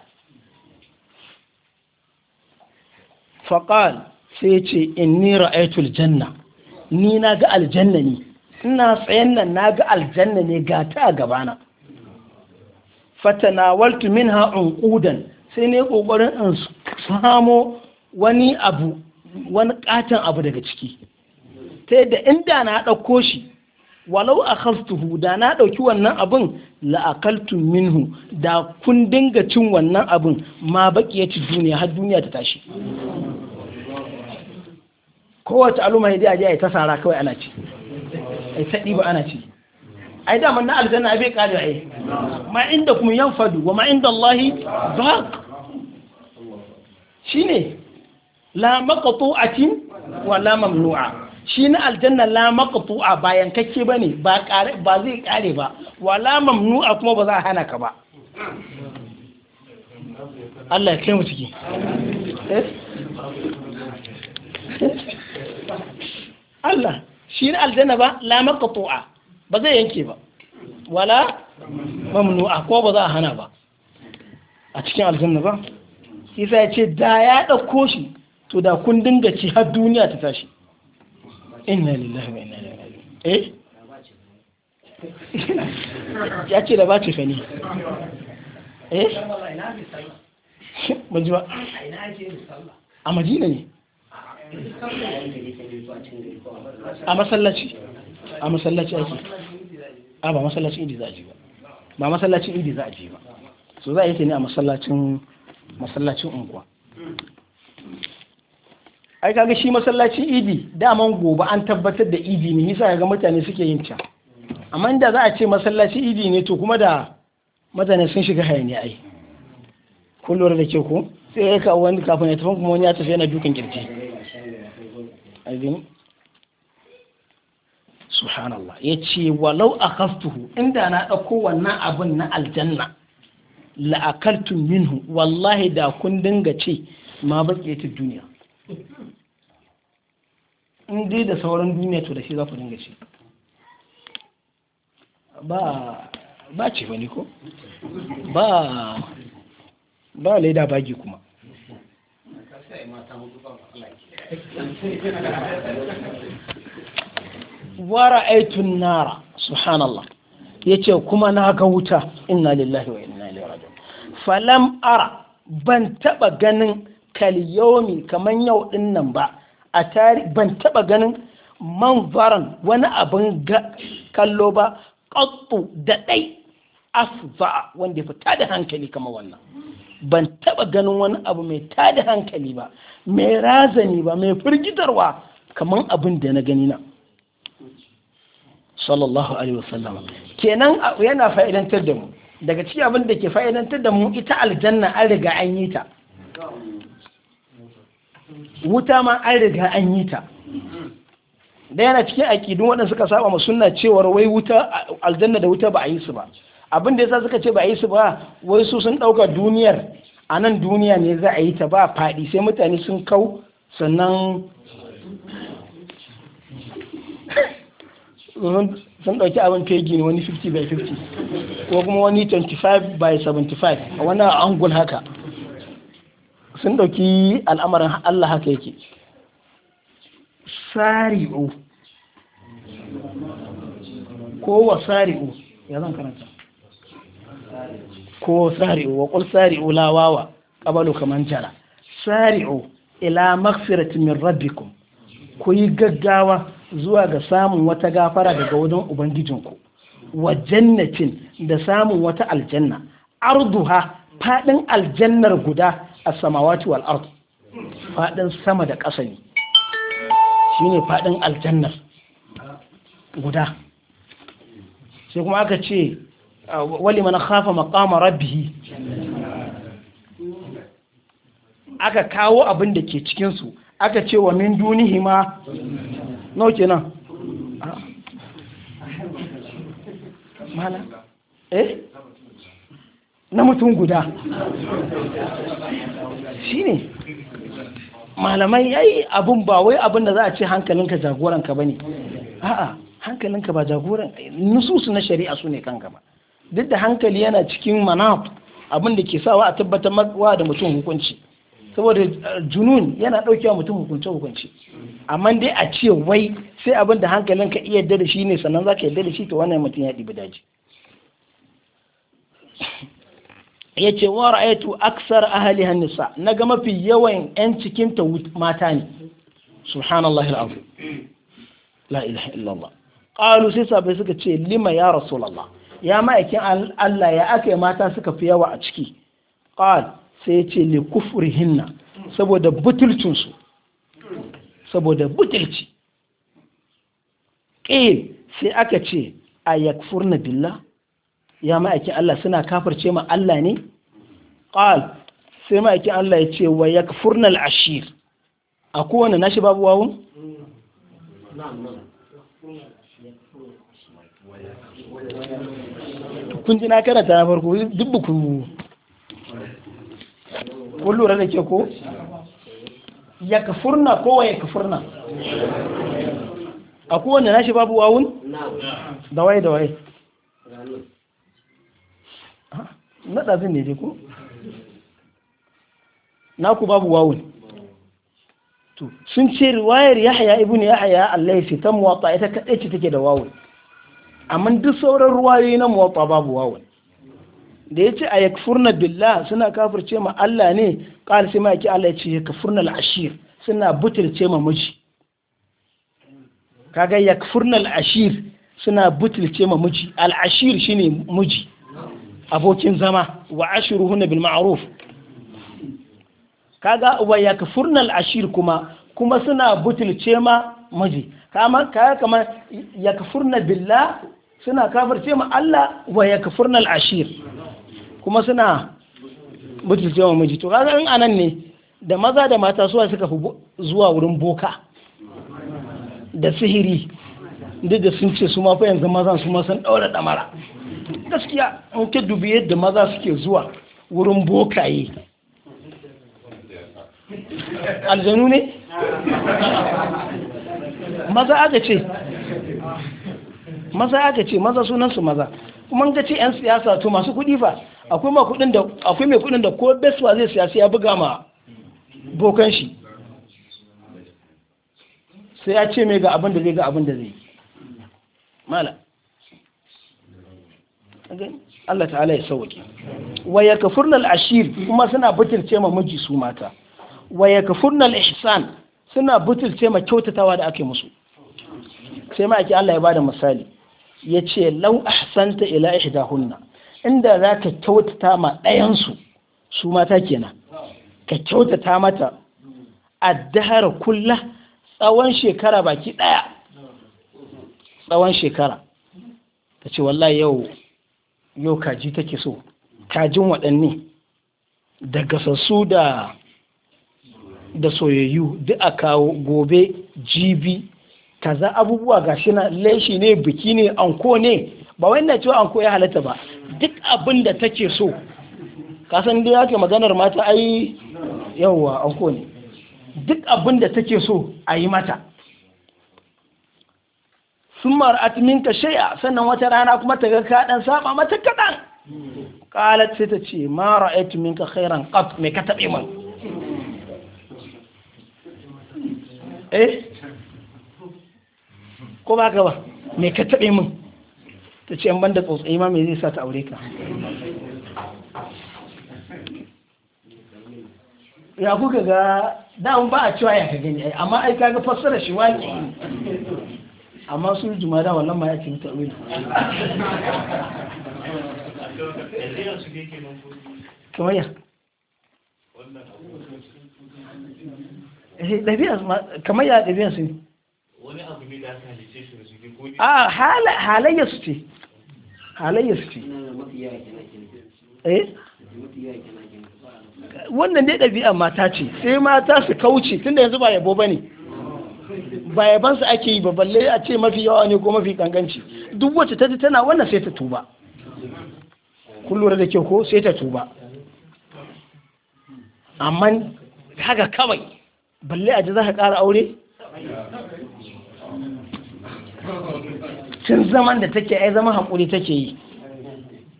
faƙal sai ce inni ra'aitul janna ni na ga aljanna ne ina tsayen nan na ga aljanna ne ga ta a gabana fatanawaltu minha unqudan sai ne ƙoƙarin in samo wani abu wani katon abu daga ciki ta yadda inda na ɗauko shi walau akhastuhu da na ɗauki wannan abin la'akaltu minhu da kun dinga cin wannan abin ma baki ya ci duniya har duniya ta tashi kowace al'umma yadda je a ta sara kawai ana ci ai saɗi ba ana ci ai daman na aljanna ƙari a yi. ma inda kuma yan fadu wa ma inda Allahi shi ne la maqtu'atin wa la mamnu'a shi na aljanna la maqtu'a ba yankakke bane ba kare ba zai kare ba wala mamnu'a kuma ba za a hana ka ba Allah ya kai mu ciki eh? Eh? Allah shi na aljanna ba la maqtu'a ba zai yanke ba wala mamnu'a ko ba za a hana ba a cikin aljanna ba isa ya ce da ya ɗauko shi to da kun dinga ci har duniya ta tashi inna lillahi wa inna ilaihi raji'un eh ya ce da ba ce fani eh ban ji ba a madina ne a masallaci a masallaci ake a ba masallacin idi za a ji ba ba masallacin idi za a ji ba so za a yi ne a masallacin masallacin unguwa ai kaga shi masallacin idi daman gobe an tabbatar da idi ne yasa ga mutane suke yin ta amma inda za a ce masallacin idi ne to kuma da mutane sun shiga hayaniya ai kun da ke ko sai ya kawo wani kafin ya tafi kuma wani ya tafi yana dukan kirji subhanallah ya ce walau a in inda na ɗauko wannan abin na aljanna la'akaltu minhu wallahi da kun dinga ce ma baƙi ta duniya in dai da sauran duniya to da shi za ku dinga ci ba ba ce bane ko ba ba laida bagi kuma wara aitun nara subhanallah yace kuma na ga wuta inna lillahi wa inna ilaihi raji'un falam ara ban taba ganin kal yawmi kaman yau din nan ba a tari ban taba ganin varan wani abin kallo ba ƙattu da ɗai asza wanda ya fi tada hankali kama wannan ban taba ganin wani abu mai tada hankali ba mai razani ba mai firgitarwa kamar abin da na gani na sallallahu alaihi wasallam kenan yana fa'idantar da mu daga cikin abin da ke fa'idantar da mu ita aljanna an riga an yi ta wuta ma an riga an yi ta da yana cikin aƙidun waɗanda suka saba ma sunna cewar wai wuta aljanna da wuta ba a yi su ba abin da yasa suka ce ba a yi su ba wai su sun ɗauka duniyar a nan duniya ne za a yi ta ba faɗi sai mutane sun kau sannan sun ɗauki abin fegi ne wani 50 by 50 ko kuma wani 25 by 75 a wani angul haka sun ɗauki al'amarin Allah haka yake sari'u ko wa sari'u ya zan karanta ko sari'u wa ƙul sari'u wawa ƙabalu kaman jara sari'u ila maghfirati min rabbikum ku yi gaggawa zuwa ga samun wata gafara daga wajen ubangijinku wa jannatin da samun wata aljanna arduha faɗin aljannar guda as-samawati wal ard fadin sama da ƙasa ne shine fadin aljannar guda sai kuma aka ce wali man khafa maqama rabbihi aka kawo abin da ke cikin su aka ce wa min dunihi ma nau kenan ah. mala eh na mutum guda shi ne malamai yayi abun ba wai abin da za a ce hankalinka jagoranka bane a'a hankalinka ba jagoran nususu na shari'a su ne kanka ba duk da hankali yana cikin manaf abin da ke sawa a tabbatar wa da mutum hukunci saboda eh, junun yana wa mutum hukunce hukunci amma dai a ce wai sai abin da hankalinka iya yarda da shi ne sannan za ka yarda da shi to wannan mutum ya ɗibi daji ya ce wa aksar ahali hannisa na ga mafi yawan 'yan cikinta mata ne subhanallah al'afu la ilaha illallah ƙalu sai sabai suka ce lima ya rasu lallah. ya ma'aikin Allah ya aka mata suka fi yawa a ciki ƙal sai ya ce li kufrihinna saboda butulcinsu saboda butulci ƙil sai aka ce a yakfurna billah ya ma'aikin Allah suna kafirce ma Allah ne ƙal sai ma'aikin Allah ya ce wa ya yakfurnal ashir a kowane nashi babu wawun kun ji na karanta na farko duk ku kun lura da ke ko ya kafurna wa ya kafurna a kowane nashi babu wawun da waye da waye na ne je ko ku babu wawun to sun ce riwayar yahya ibn yahya allahi ta muwatta ita kaɗai ce take da wawun amma duk sauran ruwayoyi na muwatta babu wawun da ya ce a yakfurna billah suna kafirce ma Allah ne qal sai ma yake Allah ya ce yakfurna al suna butulce ma miji kaga yakfurna al-ashir suna butulce ma miji al'ashir shine miji abokin zama wa Ashiru ashiruhunna bil ma'ruf kaga wa al ashir kuma kuma suna butulce ma miji kama kaya kamar yakfurna billah suna kafirce ma Allah wa al ashir kuma suna butulce ma miji to kaga in anan ne da maza da mata suwa suka fi zuwa wurin boka da sihiri duk da sun ce su ma fa yanzu maza su ma san daura damara gaskiya an ke dubi yadda maza suke zuwa wurin bokaye aljanu ne maza aka ce maza aka ce maza sunansu maza kuma ga ce 'yan siyasa to masu kudi fa akwai mai kudin da ko beswa zai siyasa ya buga ma bokan shi sai ya ce mai ga abin da zai ga abin da zai mala Allah ta'ala ya sauke wa ashir kuma suna butulce ma miji su mata wa yakfurna al-ihsan suna butulce ma kyautatawa da ake musu sai ma ake Allah ya bada misali yace law ahsanta ila ihdahunna inda zaka kyautata ma ɗayan su su mata kenan ka kyautata mata a dahar kulla tsawon shekara baki ɗaya. tsawon shekara ta ce wallahi yau yau kaji take so kajin waɗanne da gasassu da da soyayyu duk a kawo gobe jibi kaza abubuwa ga shi na leshi ne biki ne anko ne ba wannan cewa anko ya halatta ba duk abin da take so kasan dai yake maganar mata ai yawwa anko ne duk abin da take so a yi mata sun mar'at minka shay'a sannan wata rana kuma ta ga kaɗan saba mata kaɗan qalat sai ta ce ma ra'aytu minka khairan qat me ka taɓe min eh ko ba ka ba me ka taɓe min ta ce ban da tsautsayi ma me zai sa ta aure ka ya kuka ga da'un ba a cewa ya ka gani amma ai kaga fassara shi waƙi amma su jumada wannan ma ya ce mata wili kamar ya eh, kamar ya ɗabi'a su ne wani abu ne da aka halice su da su ko a ah, halayya su ce halayya su ce eh wannan dai ɗabi'a mata ce sai mata su kauce tunda yanzu ba yabo ba ne ba yaban su ake yi ba balle a ce mafi yawa ne ko mafi kankanci, duk wacce ta ji tana wannan sai ta tuba kun lura da kyau ko sai ta tuba amma haka kawai balle a ji za ka ƙara aure cin zaman da take ai zama haƙuri take yi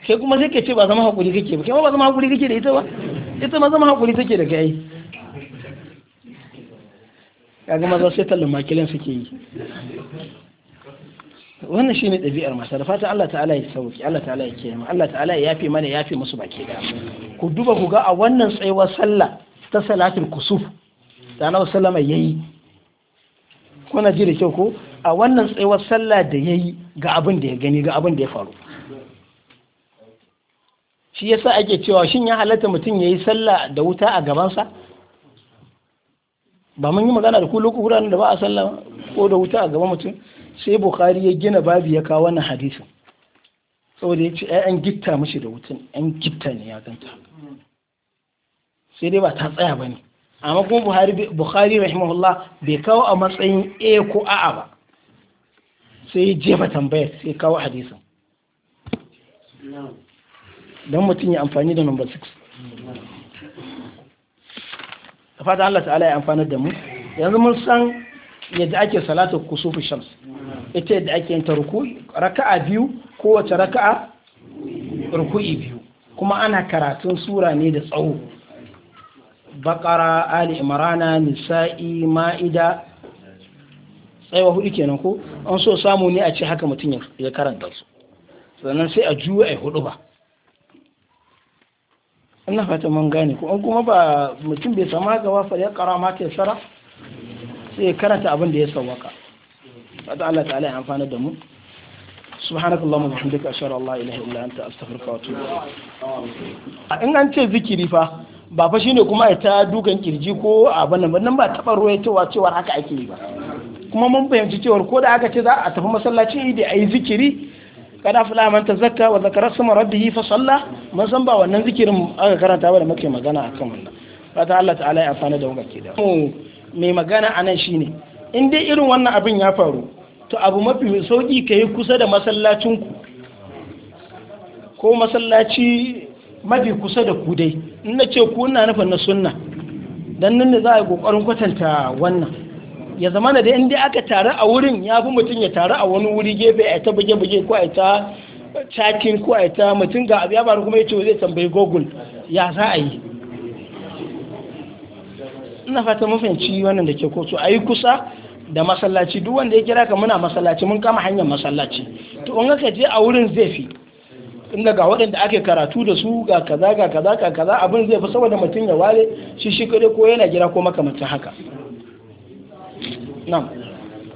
kai kuma sai ke ce ba zama haƙuri kake ba kai ma ba zama haƙuri kake da ita ba ita ma zama haƙuri take da kai kaga maza sai tallan makilin suke yi wannan shine ɗabi'ar mata da fata Allah ta'ala ya sauki Allah ta'ala ya kiyaye Allah ta'ala ya yafe mana yafe musu baki da ku duba ku ga a wannan tsayuwar sallah ta salatul kusuf da Annabi sallama yayi kuna ji da kyau ko a wannan tsayuwar sallah da yayi ga abin da ya gani ga abin da ya faru shi yasa ake cewa shin ya halatta mutum ya yi sallah da wuta a gabansa ba mun yi magana da ku lokacin da ba a sallah ko da wuta a gaba mutum sai bukhari ya gina babi ya kawo wannan hadisin saboda ya ce ai an gitta mishi da wutan an gitta ne ya ganta sai dai ba ta tsaya ba ne amma kuma buhari bukhari rahimahullah bai kawo a matsayin a ko a'a ba sai ya jefa tambayar sai kawo hadisin don mutum ya amfani da number 6 fata Allah ta'ala ya amfana da mu yanzu mun san yadda ake salatu kusufu shams ita yadda ake yin ta raka'a biyu kowace raka'a ruku'i biyu kuma ana karatun sura ne da tsawo bakara ali imrana nisa'i ma'ida tsayawa hudu kenan ko an so samu ne a ce haka mutum ya karanta su sannan sai a juya a hudu ba ina fata mun gane ko kuma ba mutum bai sama ga wa ya kara ma ta sara sai ya karanta abin da ya sawaka fata Allah ta'ala ya amfana da mu subhanaka wa bihamdika ashhadu an la ilaha illa anta astaghfiruka wa atubu ilayk in an ce zikiri fa ba fa shine kuma ai ta dukan kirji ko abin nan nan ba taba ruwaitowa cewa haka ake yi ba kuma mun fahimci cewa ko da aka ce za a tafi masallaci da ai zikiri kada fula man tazakka wa zakara sama rabbihi fa salla mun san ba wannan zikirin aka karanta ba da muke magana akan wannan fata Allah ta'ala ya amfana da mu ke da mai magana anan shine in dai irin wannan abin ya faru to abu mafi sauki kai kusa da masallacin ku ko masallaci mafi kusa da ku dai in na ce ku ina nufin na sunna dan nan ne za a yi kokarin kwatanta wannan ya zama da inda aka taru a wurin ya fi mutum ya taru a wani wuri gefe a ta buge-buge ko a ta cakin ko a ta mutum ga abu ya faru kuma ya ce zai tambayi google ya za a yi ina fata mafanci wannan da ke kotu a yi kusa da masallaci duk wanda ya kira ka muna masallaci mun kama hanyar masallaci to in aka je a wurin zai fi inda ga waɗanda ake karatu da su ga kaza ga kaza ga kaza abin zai fi saboda mutum ya ware shi shi kare ko yana gira ko makamantan haka No.